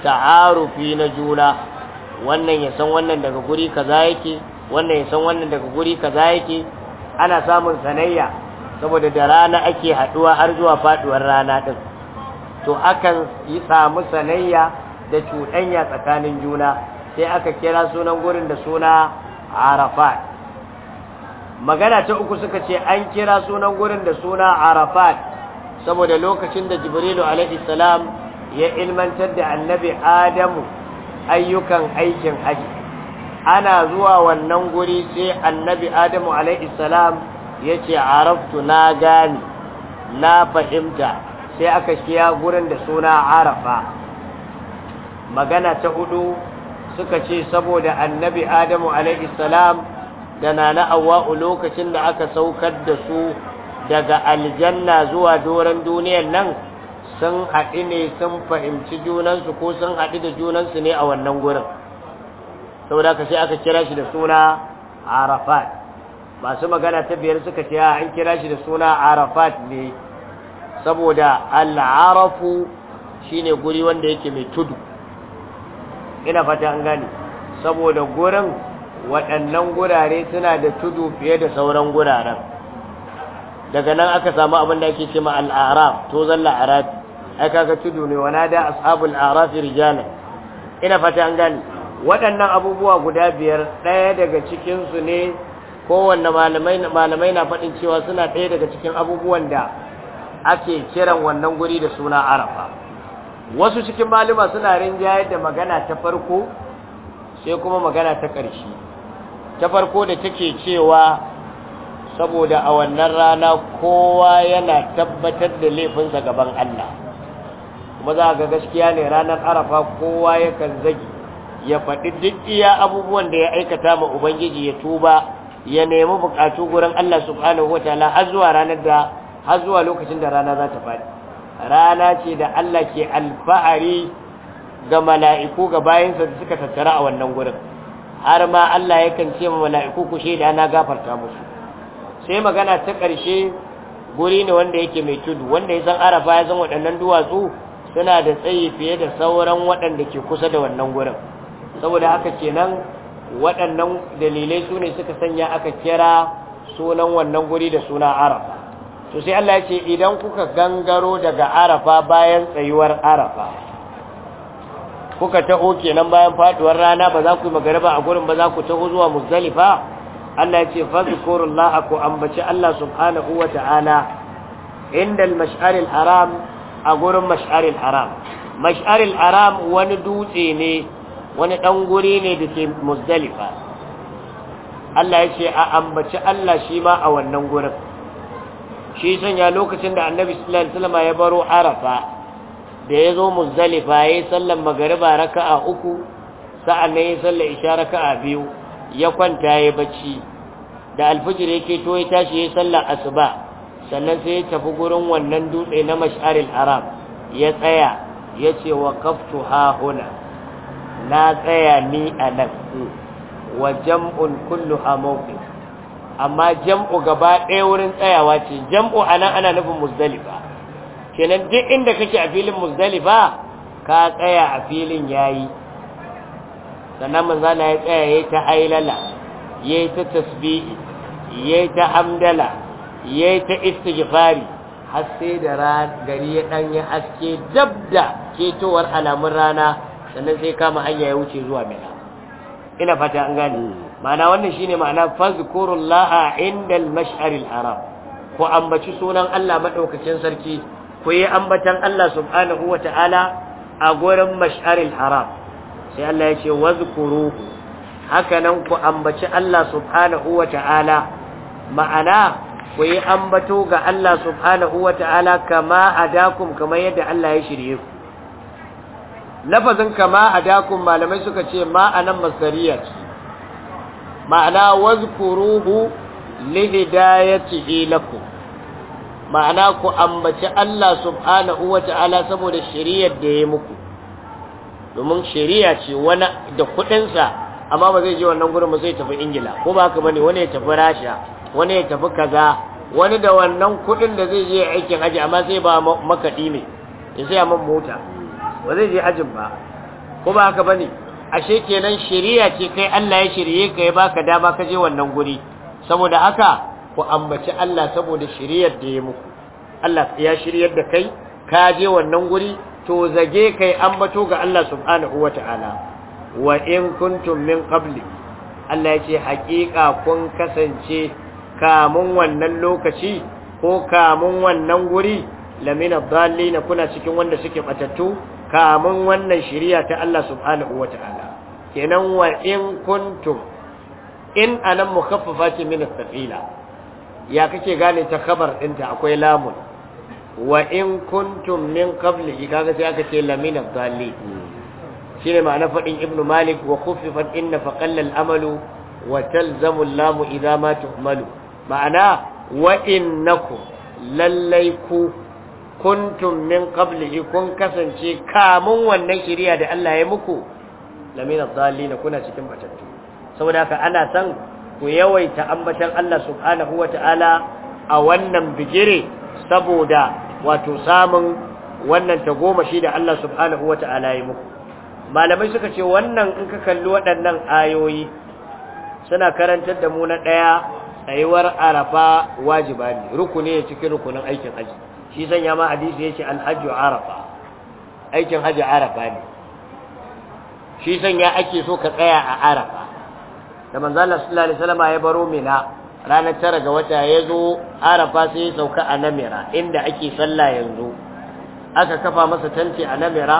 ta'arufi na juna wannan ya san wannan daga guri kaza yake wannan ya san wannan daga guri kaza yake ana samun sanayya saboda da rana ake haduwa har zuwa faduwar rana din to akan yi samu sanayya da cuɗanya tsakanin juna sai aka kira sunan gurin da suna arafat magana ta uku suka ce an kira sunan gurin da suna arafat saboda lokacin da jibrilu alaihi salam ya ilmantar da annabi adamu ayyukan aikin haji ana zuwa wannan guri sai annabi adamu alaihi salam yace araftu na gane na fahimta sai aka kiya gurin da suna arafa magana ta hudu suka ce saboda annabi adamu alaihi salam da nana a lokacin da aka saukar da su daga aljanna zuwa doron duniyar nan sun haɗi ne sun fahimci junansu ko sun haɗi da junansu ne a wannan gurin saboda ka sai aka kira shi da suna arafat masu magana ta biyar suka ce ah, an kira shi da suna arafat ne saboda al'arafu shi ne guri wanda yake mai tudu ina fata an gane saboda gurin waɗannan gurare suna da tudu fiye da sauran guraren daga nan aka samu abin da ake ce ma al'araf to zalla la'arafi ai kaga tudu ne wana da ashabul arafi rijala ina fata an gane waɗannan abubuwa guda biyar ɗaya daga cikinsu ne kowanne malamai na faɗin cewa suna ɗaya daga cikin abubuwan da ake kiran wannan guri da suna arafa wasu cikin malama suna rinjaye da magana ta farko sai kuma magana ta ƙarshe ta farko da take cewa saboda a wannan rana kowa yana tabbatar da laifinsa gaban Allah kuma za ga gaskiya ne ranar arafa kowa yakan zagi ya faɗi duk iya abubuwan da ya aikata ma ubangiji ya tuba ya nemi bukatu gurin Allah subhanahu ta'ala har zuwa ranar da har zuwa lokacin da rana za ta fadi rana ce da Allah ke alfahari ga mala'iku ga bayansa da suka tattara a wannan gurin har ma Allah yakan ce ma mala'iku ku shaida na gafarta musu sai magana ta ƙarshe guri ne wanda yake mai tudu wanda ya san arafa ya san waɗannan duwatsu suna da tsayi fiye da sauran waɗanda ke kusa da wannan gurin saboda haka kenan waɗannan dalilai su ne suka sanya aka kira sunan wannan guri da suna arafa to sai Allah ya ce idan kuka gangaro daga arafa bayan tsayuwar arafa kuka taho kenan bayan faduwar rana ba za ku yi magariba a gurin ba za ku taho zuwa muzalifa Allah ya ce fazkurullah ku ambaci Allah subhanahu wa ta'ala inda al-mash'aril haram a gurin mash'aril haram mash'aril haram wani dutse ne wani ɗan guri ne da ke muzdalifa Allah ya ce a ambaci Allah shi ma a wannan gurin shi sanya lokacin da annabi sallallahu ya baro arafa da ya zo muzdalifa ya yi sallan magariba raka a uku sa'an na ya sallar isha a biyu ya kwanta ya bacci da alfijir yake to ya tashi ya yi sallar asuba sannan sai ya tafi gurin wannan dutse na mash'aril haram ya tsaya ya ce wa kaftu ha hunan na tsaya ni a nan wa jam'un kullu a mawqif amma jam'u gaba ɗaya wurin tsayawa ce jam'u anan ana nufin muzdalifa kenan duk inda kake a filin muzdalifa ka tsaya a filin yayi sannan na ya tsaya yayi ta ailala yayi ta tasbihi yayi ta amdala yayi ta istighfari har sai da gari ya dan ya aske dabda ketowar alamun rana sannan sai kama hanya ya wuce zuwa mina ina fata an gane ma'ana wannan shine ma'ana fazkurullaha indal mash'aril haram ku ambaci sunan Allah madaukakin sarki ku yi ambatan Allah subhanahu wata'ala a gurin mash'aril haram sai Allah ya ce wazkuru haka ku ambaci Allah subhanahu wata'ala ma'ana ku yi ambato ga Allah subhanahu wata'ala kama adakum kamar yadda Allah ya shirye ku lafazin kama adakum malamai suka ce ma anan ce ma'ana wazkuruhu li hidayatihi lakum ma'ana ku ambaci Allah subhanahu wata'ala saboda shari'ar da ya muku domin shari'a ce wani da sa amma ba zai je wannan gurin ba sai tafi ingila ko ba haka bane wani ya tafi rasha wani ya tafi kaza wani da wannan kudin da zai je aikin haji amma sai ba makaɗi ne ya sai amma mota ba zai je hajjin ba ko ba haka bane ashe kenan shari'a ce kai Allah ya shirye ka ya baka dama ka je wannan guri saboda haka ku ambaci Allah saboda shari'ar da ya muku Allah ya shiryar da kai ka je wannan guri to zage kai ambato ga Allah subhanahu wataala wa in kuntum min qabli Allah ya ce haƙiƙa kun kasance kamun wannan lokaci ko kamun wannan guri lamina dhallina kuna cikin wanda suke batattu kamun wannan shari'a ta Allah subhanahu wataala kenan wa in kuntum in anan mukaffafa ce min as ya kake gane ta kabar dinta akwai lamun wa in kuntum min qabli kaga sai aka ce lamina dhalli shine ma'ana fadin ibnu malik wa khuffifat inna fa qalla amalu wa talzamu lamu idha tuhmalu ma'ana wa naku lallai ku kuntum min qablihi kun kasance kamun wannan shari'a da Allah ya muku lamina dhalina kuna cikin batattu saboda haka ana san ku yawaita ambatan Allah subhanahu wataala a wannan bijire saboda wato samun wannan shi da Allah subhanahu wataala ya muku malamai suka ce wannan in ka kalli waɗannan ayoyi suna karantar da mu na ɗaya tsayuwar arafa wajiba ne rukuni ne cikin rukunin aikin aji shi sanya ma hadisi yace alhajju arafa aikin haji arafa ne shi sanya ake so ka tsaya a arafa da manzo Allah sallallahu alaihi wasallam ya baro mina ranar tara ga wata ya zo arafa sai ya sauka a namira inda ake sallah yanzu aka kafa masa tanti a namira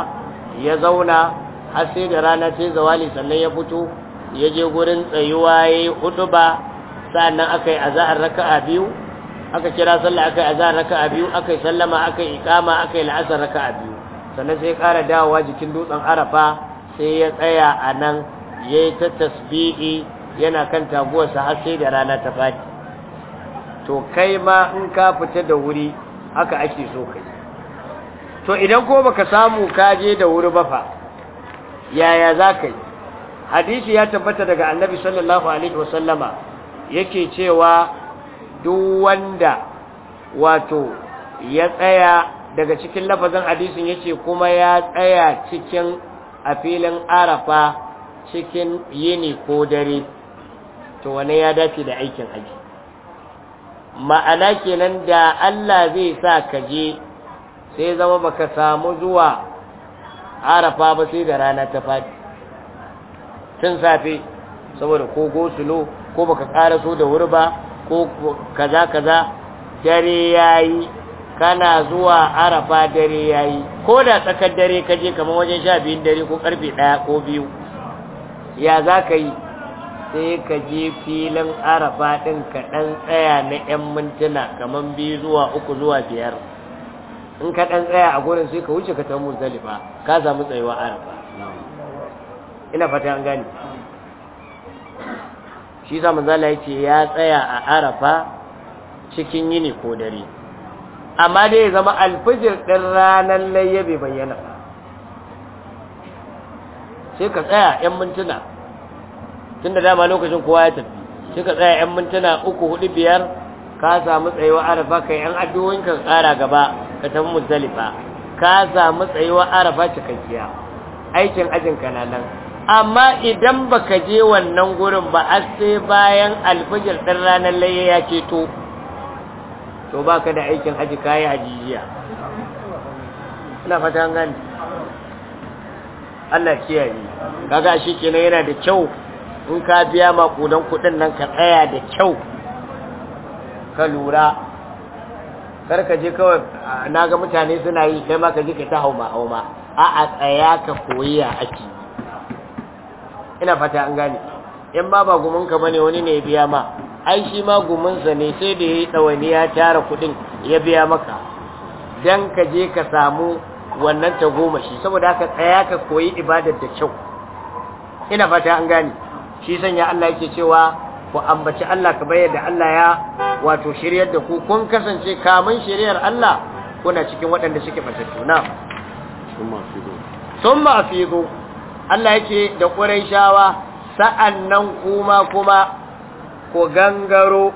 ya zauna har sai da rana ta zawali sannan ya fito ya je gurin tsayuwa ya yi hudu ba sa'annan aka yi azahar raka'a biyu aka kira sallah aka yi azhar raka'a biyu aka yi sallama aka yi iqama aka yi la'asar raka'a biyu sannan sai ƙara dawowa jikin dutsen arafa sai ya tsaya a nan ya yi ta tasbi'i yana kan taguwarsa har sai da rana ta fadi to kai ma in ka fita da wuri haka ake so kai to idan ko baka samu ka je da wuri ba fa yaya za ka yi hadisi ya tabbata daga annabi sallallahu alaihi wasallama yake cewa duk wanda wato ya tsaya daga cikin lafazin hadisin yace kuma ya tsaya cikin a filin arafa cikin yini ko dare to wane ya dace da aikin haji ma'ana kenan da Allah zai sa ka je sai zama baka samu zuwa arafa ba sai da rana ta fadi tun safe saboda ko gosulo ko baka karaso da wuri ba ko kaza kaza dare yayi kana zuwa arafa dare yayi ko da tsakar dare ka je kamar wajen sha biyun dare ko karfe ɗaya ko biyu ya za ka yi sai ka je filin arafa ɗin ka ɗan tsaya na 'yan mintuna kamar biyu zuwa uku zuwa biyar in ka ɗan tsaya a gurin sai ka wuce ka tamu zalifa ka samu tsayuwa arafa ina fata an gani shi sa manzala ya ya tsaya a arafa cikin yini ko dare amma dai ya zama alfijir ɗin ranar Layyabe bayyana ba sai ka tsaya 'yan mintuna tun da dama lokacin kowa ya tafi sai ka tsaya 'yan mintuna uku hudu biyar ka samu tsayuwa arafa ka yi 'yan addu'o'in ka tsara gaba ka tafi muzdalifa ka samu tsayuwa arafa cikakkiya aikin ajin kananan amma idan baka je wannan gurin ba a sai bayan alfajir ɗin ranar laye ya ceto to baka da aikin haji kayi hajijiya ina fata gani Allah kiyaye kaga shi kenan yana da kyau in ka biya makudan kudin nan ka tsaya da kyau ka lura kar ka je kawai na ga mutane suna yi kai ma ka je ka ta hauma hauma a a tsaya ka koyi a ake ina fata an gane in ba ba gumin ka bane wani ne ya biya ma ai shi ma gumin sa ne sai da yayi dawani ya tara kudin ya biya maka dan ka je ka samu wannan ta goma shi saboda haka tsaya ka koyi ibadar da kyau ina fata an gane shi sanya Allah yake cewa ku ambaci Allah ka bayar da Allah ya wato shiryar da ku kun kasance kaman shiryar Allah kuna cikin waɗanda suke fatattu na sun ma fido Allah ya ce da Qurayshawa sa'annan kuma kuma ku gangaro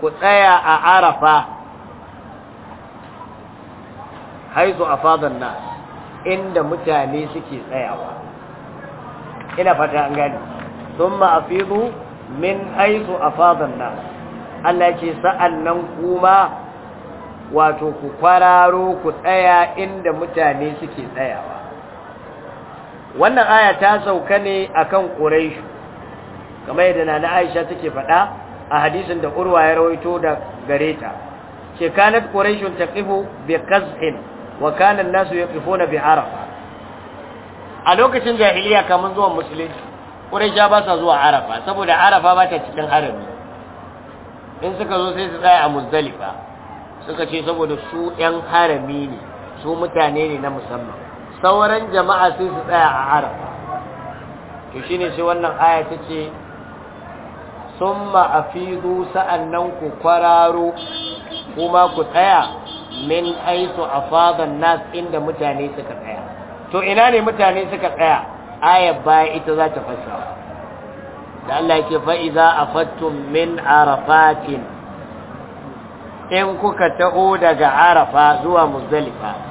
ku tsaya a Arafa haizu afadan nas inda mutane suke tsayawa ina fata an gani thumma afidu min haizu afadan nas Allah sa'an sa'annan kuma wato ku kwararo ku tsaya inda mutane suke tsayawa wannan aya ta sauka ne akan quraishu kamar yadda nana aisha take faɗa a hadisin da urwa ya rawaito da gareta ce kanat quraishun taqifu bi qazhin wa kana an-nasu yaqifuna bi arafa a lokacin jahiliya kamun zuwan musulunci quraisha ba sa zuwa arafa saboda arafa ba ta cikin harami in suka zo sai su tsaya a muzdalifa suka ce saboda su 'yan harami ne su mutane ne na musamman sauran jama'a sai su tsaya a arafa to shine shi wannan aya tace summa afidu sa'annan ku kwararo kuma ku tsaya min aitu afadan nas inda mutane suka tsaya to ina ne mutane suka tsaya aya baya ita za ta fassara da Allah yake fa iza afattum min arafatin in kuka taho daga arafa zuwa muzdalifa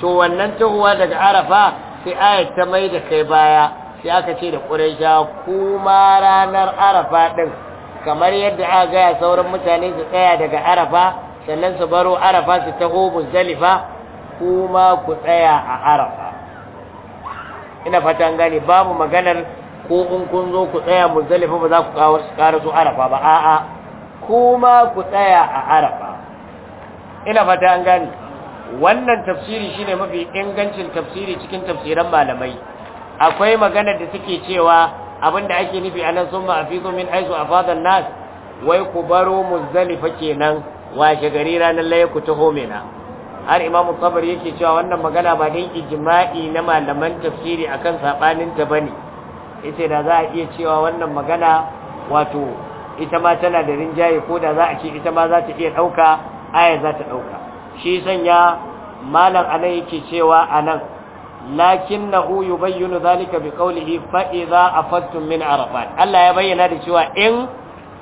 to wannan tuhuwa daga arafa sai ayat ta mai da kai baya sai aka ce da ƙuraisha kuma ranar arafa ɗin kamar yadda aka gaya sauran mutane su tsaya daga arafa sannan su baro arafa su taho muzdalifa kuma ku tsaya a arafa ina fatan gane babu maganar ko in kun zo ku tsaya muzdalifa ba za ku kawo su arafa ba a'a kuma ku tsaya a arafa ina fatan gane wannan tafsiri shine mafi ingancin tafsiri cikin tafsiran malamai akwai magana da suke cewa abinda ake nufi anan summa afizu min aizu afadan nas wai ku baro kenan washe gari ranar laye ku taho mena har imamu sabar yake cewa wannan magana ba dai ijma'i na malaman tafsiri akan sabanin ta bane yace da za a iya cewa wannan magana wato ita ma tana da rinjaye ko da za a ce ita ma za ta iya dauka aya za ta dauka shi sanya malam anan yake cewa anan lakinnahu yubayyinu zalika biqawlihi fa a fattun min arafa. Allah ya bayyana da cewa in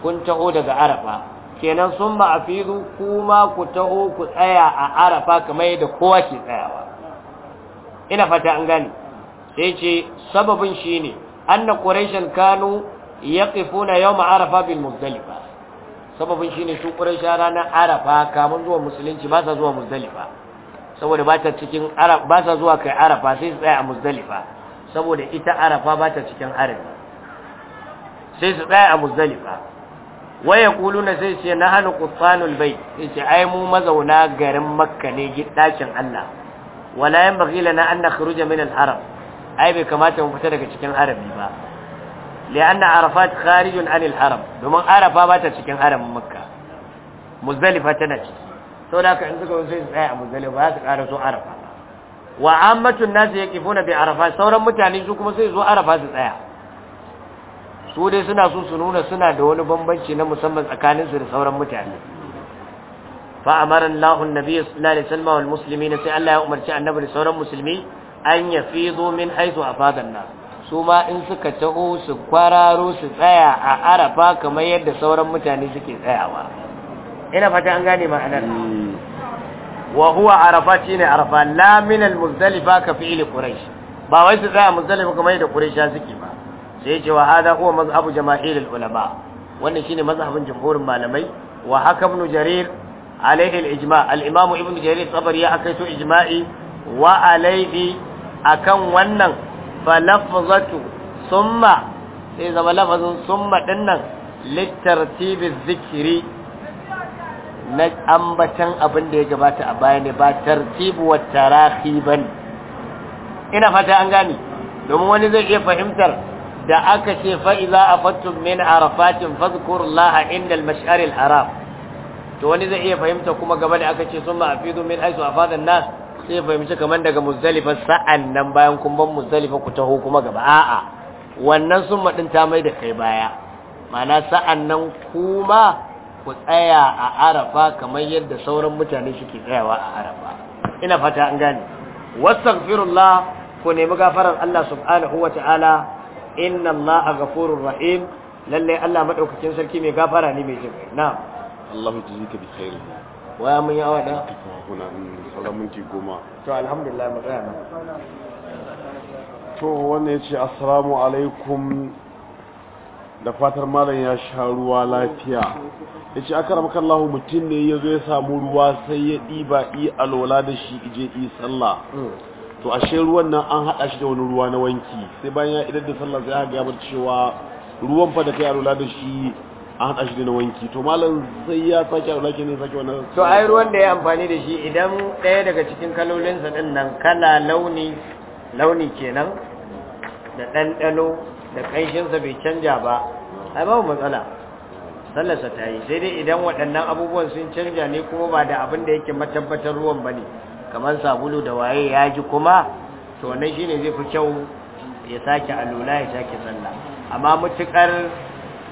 kun taho daga arafa kenan sun a fizu, kuma ku taho ku tsaya a arafa kamar yadda kowa ke tsayawa ina fata an gani. sai ce sababin shine anna quraishan kanu yaqifuna yau arafa bin muzdalifa sababin shine su quraisha ranar arafa kamun zuwa musulunci ba sa zuwa muzdalifa saboda ba ta cikin arafa ba sa zuwa kai arafa sai su tsaya a muzdalifa saboda ita arafa ba ta cikin arafa sai su tsaya a muzdalifa waya kuluna sai ce na hannu kufanul bai sai ce ai mu mazauna garin makka ne ɗakin allah wala yan bagila na an na kharuja min al-haram ai bai kamata mu fita daga cikin arabi ba li'anna arafat kharijun anil haram domin arafa ba ta cikin haramin makka muzdalifa tana ciki sau da haka in suka sai su tsaya a muzdalifa za su ƙara so arafa wa ammatun nasu ya kifuna bi arafa sauran mutane su kuma sai zo arafa su tsaya su dai suna so su nuna suna da wani bambanci na musamman tsakaninsu da sauran mutane fa amara sai Allah ya umarci annabi sauran musulmi an yafidu min a afadan na. su ma in suka taho su kwararo su tsaya a arafa kamar yadda sauran mutane suke tsayawa ina fata an gane ma'anar hmm. wa huwa arafa ne arafa laminal min al-muzdalifa ka fi'li quraish ba wai su tsaya muzdalifa kamar yadda quraisha suke ba sai ya ce wa hada huwa mazhabu jama'ir al-ulama wannan shine mazhabin jumhurin malamai wa haka ibn jarir alaihi al-ijma' al-imam ibn jarir tabari ya akaito ijma'i wa alaihi akan wannan falafzatu summa sai zama lafazin summa dinnan littartibi zikiri na ambatan abin da ya gabata a baya ne ba tartibu wa tarahi ba ina fata an gani domin wani zai iya fahimtar da aka ce fa'iza a fattun min arafatin fazkur laha inda al-mash'aril haram to wani zai iya fahimta kuma gaba da aka ce sun ma'afidu min aisu a fadar nasu. sai fahimci kamar daga muzdalifa sa'an nan bayan kumban muzalifa ku taho kuma gaba a'a wannan sun madin ta mai da kai baya mana sa'an nan kuma ku tsaya a arafa kamar yadda sauran mutane suke tsayawa a arafa ina fata an gane wastaghfirullah ku nemi gafarar Allah subhanahu ta'ala inna Allah ghafurur rahim lallai Allah maɗaukakin sarki mai gafara ne mai jin na. Allah bi khairi waya mun yi awa da to alhamdulillah mu tsaya nan to wanda ya ce assalamu alaikum da fatar malam ya sha ruwa lafiya ya ce aka Lahu mutum ne ya zo ya samu ruwa sai ya ɗiba i alwala da shi ije i sallah mm. to ashe ruwan nan an haɗa shi da wani ruwa na wanki sai bayan ya idar da sallah sai aka gabar cewa ruwan fa da kai alwala da shi an haɗa shi da wanki to malam sai ya sake a rake ne sake wannan to ai ruwan da ya amfani da shi idan ɗaya daga cikin kalolinsa ɗin nan kala launi launi kenan da ɗanɗano da ƙanshinsa bai canja ba ai babu matsala sallarsa ta yi sai dai idan waɗannan abubuwan sun canja ne kuma ba da abin da yake matabbatar ruwan ba ne kamar sabulu da waye ya ji kuma to wannan shine zai fi kyau ya sake alula ya sake sallah amma mutukar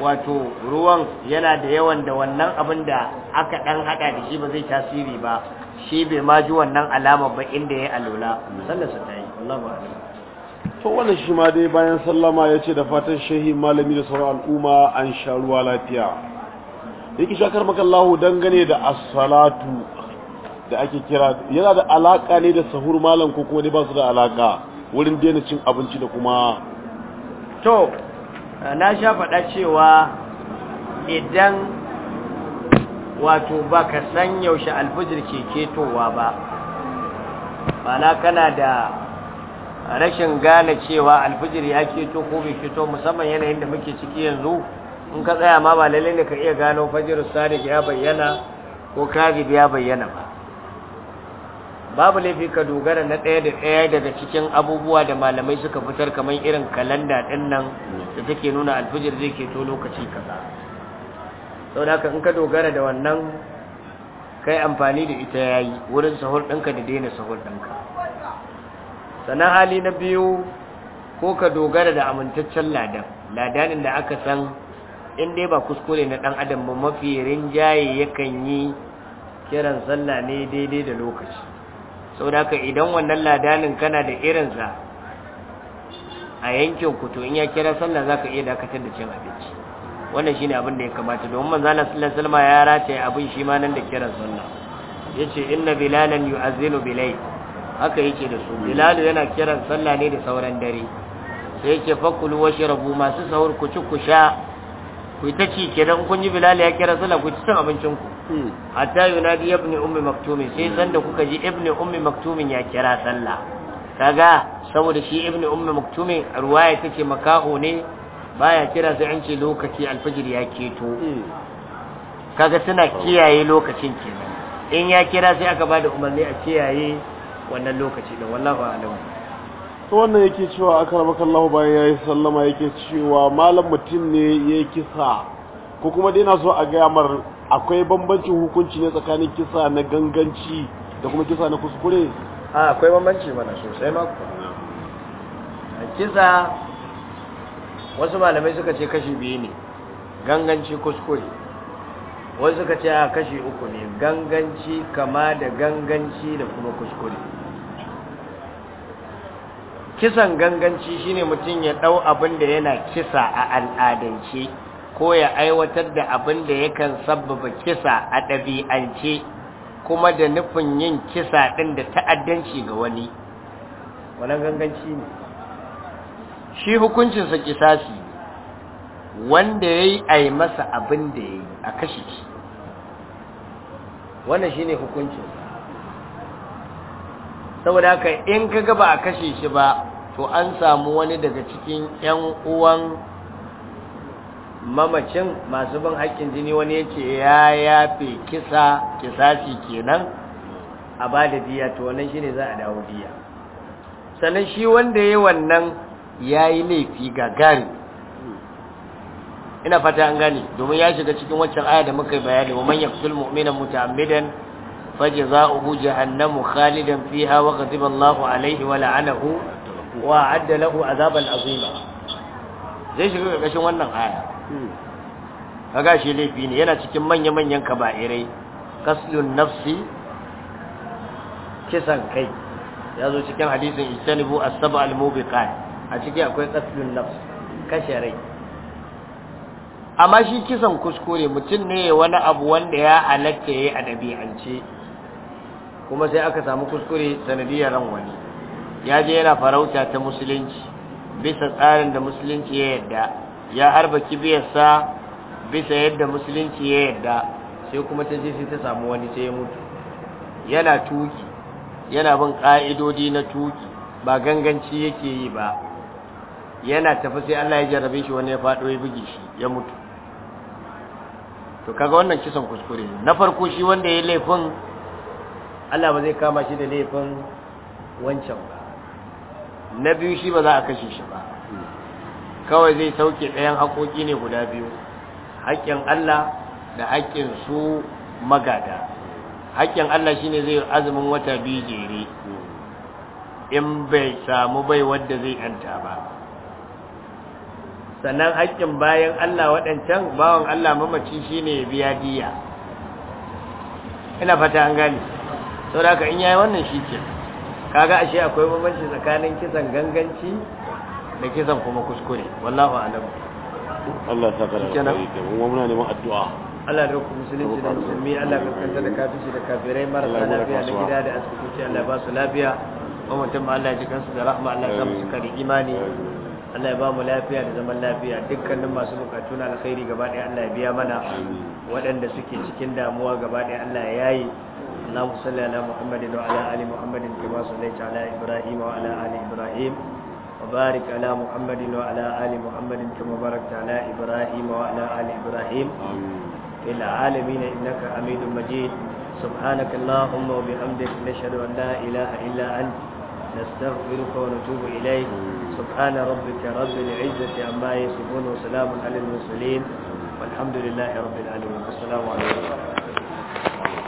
wato ruwan yana da yawan da wannan abin da aka dan hada da shi ba zai tasiri ba shi bai ma ji wannan alama ba inda ya alola sallar sa tayi to wannan shi ma dai bayan sallama ya ce da fatan shehi malami da sauran al'umma an sha ruwa lafiya yake shakar maka Allah dangane da as-salatu da ake kira yana da alaka ne da sahur malam ko kuma ne ba su da alaka wurin daina cin abinci da kuma to na sha faɗa cewa idan wato ba ka san yaushe alfijir ke ketowa ba mana kana da rashin gane cewa alfijir ya keto ko bai keto musamman yanayin da muke ciki yanzu in ka tsaya ma ba lalle ne ka iya gano fajirus sadiq ya bayyana ko kazib ya bayyana ba babu laifi ka dogara na ɗaya da ɗaya daga cikin abubuwa da malamai suka fitar kamar irin kalanda ɗin nan da take nuna alfijir zai ke to lokaci kaza sau da in ka dogara da wannan kai amfani da ita ya yi wurin sahur ɗinka da daina sahur ɗinka sannan hali na biyu ko ka dogara da amintaccen ladan ladanin da aka san in dai ba kuskure na ɗan adam ba mafi rinjaye yakan yi kiran sallah ne daidai da lokaci sau da ka, idan wannan ladanin kana da irinsa a yankin ku in ya kira sallah za ka iya dakatar da cin abinci wannan shi ne abin da ya kamata domin na sallar salma ya ya abin shi ma nan da kiran sallah ce inna bilalan yu'azzinu bilai haka yake da su bilal yana kiran sallah ne da sauran dare sai yake fakulu rabu, masu sahur ku ci ku sha ku ta ci kenan kun ji bilal ya kira sallah ku ci cin abincin ku hmm. hatta yunadi ibn ummi maktumin sai san da kuka ji ibn ummi maktumin ya kira sallah kaga saboda shi ibn ummi maktumin ruwaya take makaho ne baya kira sai an ce lokaci alfajir ya keto hmm. kaga suna oh. kiyaye lokacin kenan in ya kira sai aka bada umarni a kiyaye wannan lokaci da wallahi a'lamu to wannan yake cewa aka kallahu bayan ya yi sallama yake cewa malam mutum ne ya kisa ko kuma dai na so a gaya mar akwai bambancin hukunci ne tsakanin kisa na ganganci da kuma kisa na kuskure a akwai bambanci mana sosai ma kisa wasu malamai suka ce kashi biyu ne ganganci kuskure wasu suka ce a kashi uku ne ganganci kama da ganganci da kuma kuskure kisan ganganci shine mutum ya dau abin da yana kisa a al'adance ko ya aiwatar da abin da yakan sabbaba kisa a ɗabi'ance kuma da nufin yin kisa ɗin da ta'addanci ga wani wannan ganganci ne shi hukuncinsa kisasi wanda ya yi a masa abin da ya yi a kashe shi wannan shi ne sa. saboda haka in kaga ba a kashe shi ba to an samu wani daga cikin yan uwan mamacin masu bin haƙƙin jini wani yake ya yafe kisa kisasi kenan a ba da diya to wannan shine za a dawo diya sannan shi wanda yayi wannan yayi laifi gagari ina fata an gane domin ya shiga cikin waccan aya da muka yi bayani wa man yaqtul mu'mina muta'ammidan فجزاؤه جهنم خالدا فيها وغضب الله عليه ولعنه وأعد له عذابا عظيما zai shiga ƙarƙashin wannan aya ga shi laifi ne yana cikin manya-manyan kaba'irai kaslun nafsi kisan kai ya zo cikin hadisin istanibu as-saba al-mubiqat a ciki akwai qatlun nafsi. kashe rai amma shi kisan kuskure mutum ne wani abu wanda ya halatta yayi a dabi'ance kuma sai aka samu kuskure sanadiyar ran wani ya je yana farauta ta musulunci bisa tsarin da musulunci ya yadda ya harba kibiyarsa bisa yadda musulunci ya yadda sai kuma ta je sai ta samu wani sai ya mutu yana tuki yana bin ƙa'idodi na tuki ba ganganci yake yi ba yana tafi sai Allah ya jarrabe shi wani ya faɗo ya bugi shi ya mutu to kaga wannan kisan kuskure na farko shi wanda ya laifin Allah ba zai kama shi da laifin wancan ba na biyu shi ba za a kashe shi ba kawai zai sauke ɗayan haƙoƙi ne guda biyu haƙƙin Allah da haƙƙin su magada haƙƙin Allah shine zai azumin wata biyu jere in bai samu bai wadda zai ƴanta ba sannan haƙƙin bayan Allah waɗancan bawan Allah mamaci shine biya diya ina fata an gani saboda haka in yayi wannan shi ke kaga ashe akwai bambanci tsakanin kisan ganganci da kisan kuma kuskure wallahu a'lam Allah ya saka da kai mu muna neman addu'a Allah da kuma musulunci da musulmi Allah ya kanta da kafirci da kafirai marasa lafiya na gida da asibiti Allah ya ba su lafiya kuma mutum Allah ya ji kansu da rahma Allah ya musu kare imani Allah ya ba mu lafiya da zaman lafiya dukkanin masu bukatu na alkhairi gaba ɗaya Allah ya biya mana waɗanda suke cikin damuwa gaba ɗaya Allah ya yayi اللهم صل على محمد وعلى ال محمد كما صليت على ابراهيم وعلى ال ابراهيم وبارك على محمد وعلى ال محمد كما باركت على ابراهيم وعلى ال ابراهيم في العالمين انك حميد مجيد سبحانك اللهم وبحمدك نشهد ان لا اله الا انت نستغفرك ونتوب اليك سبحان ربك رب العزه عما يصفون وسلام على المرسلين والحمد لله رب العالمين السلام عليكم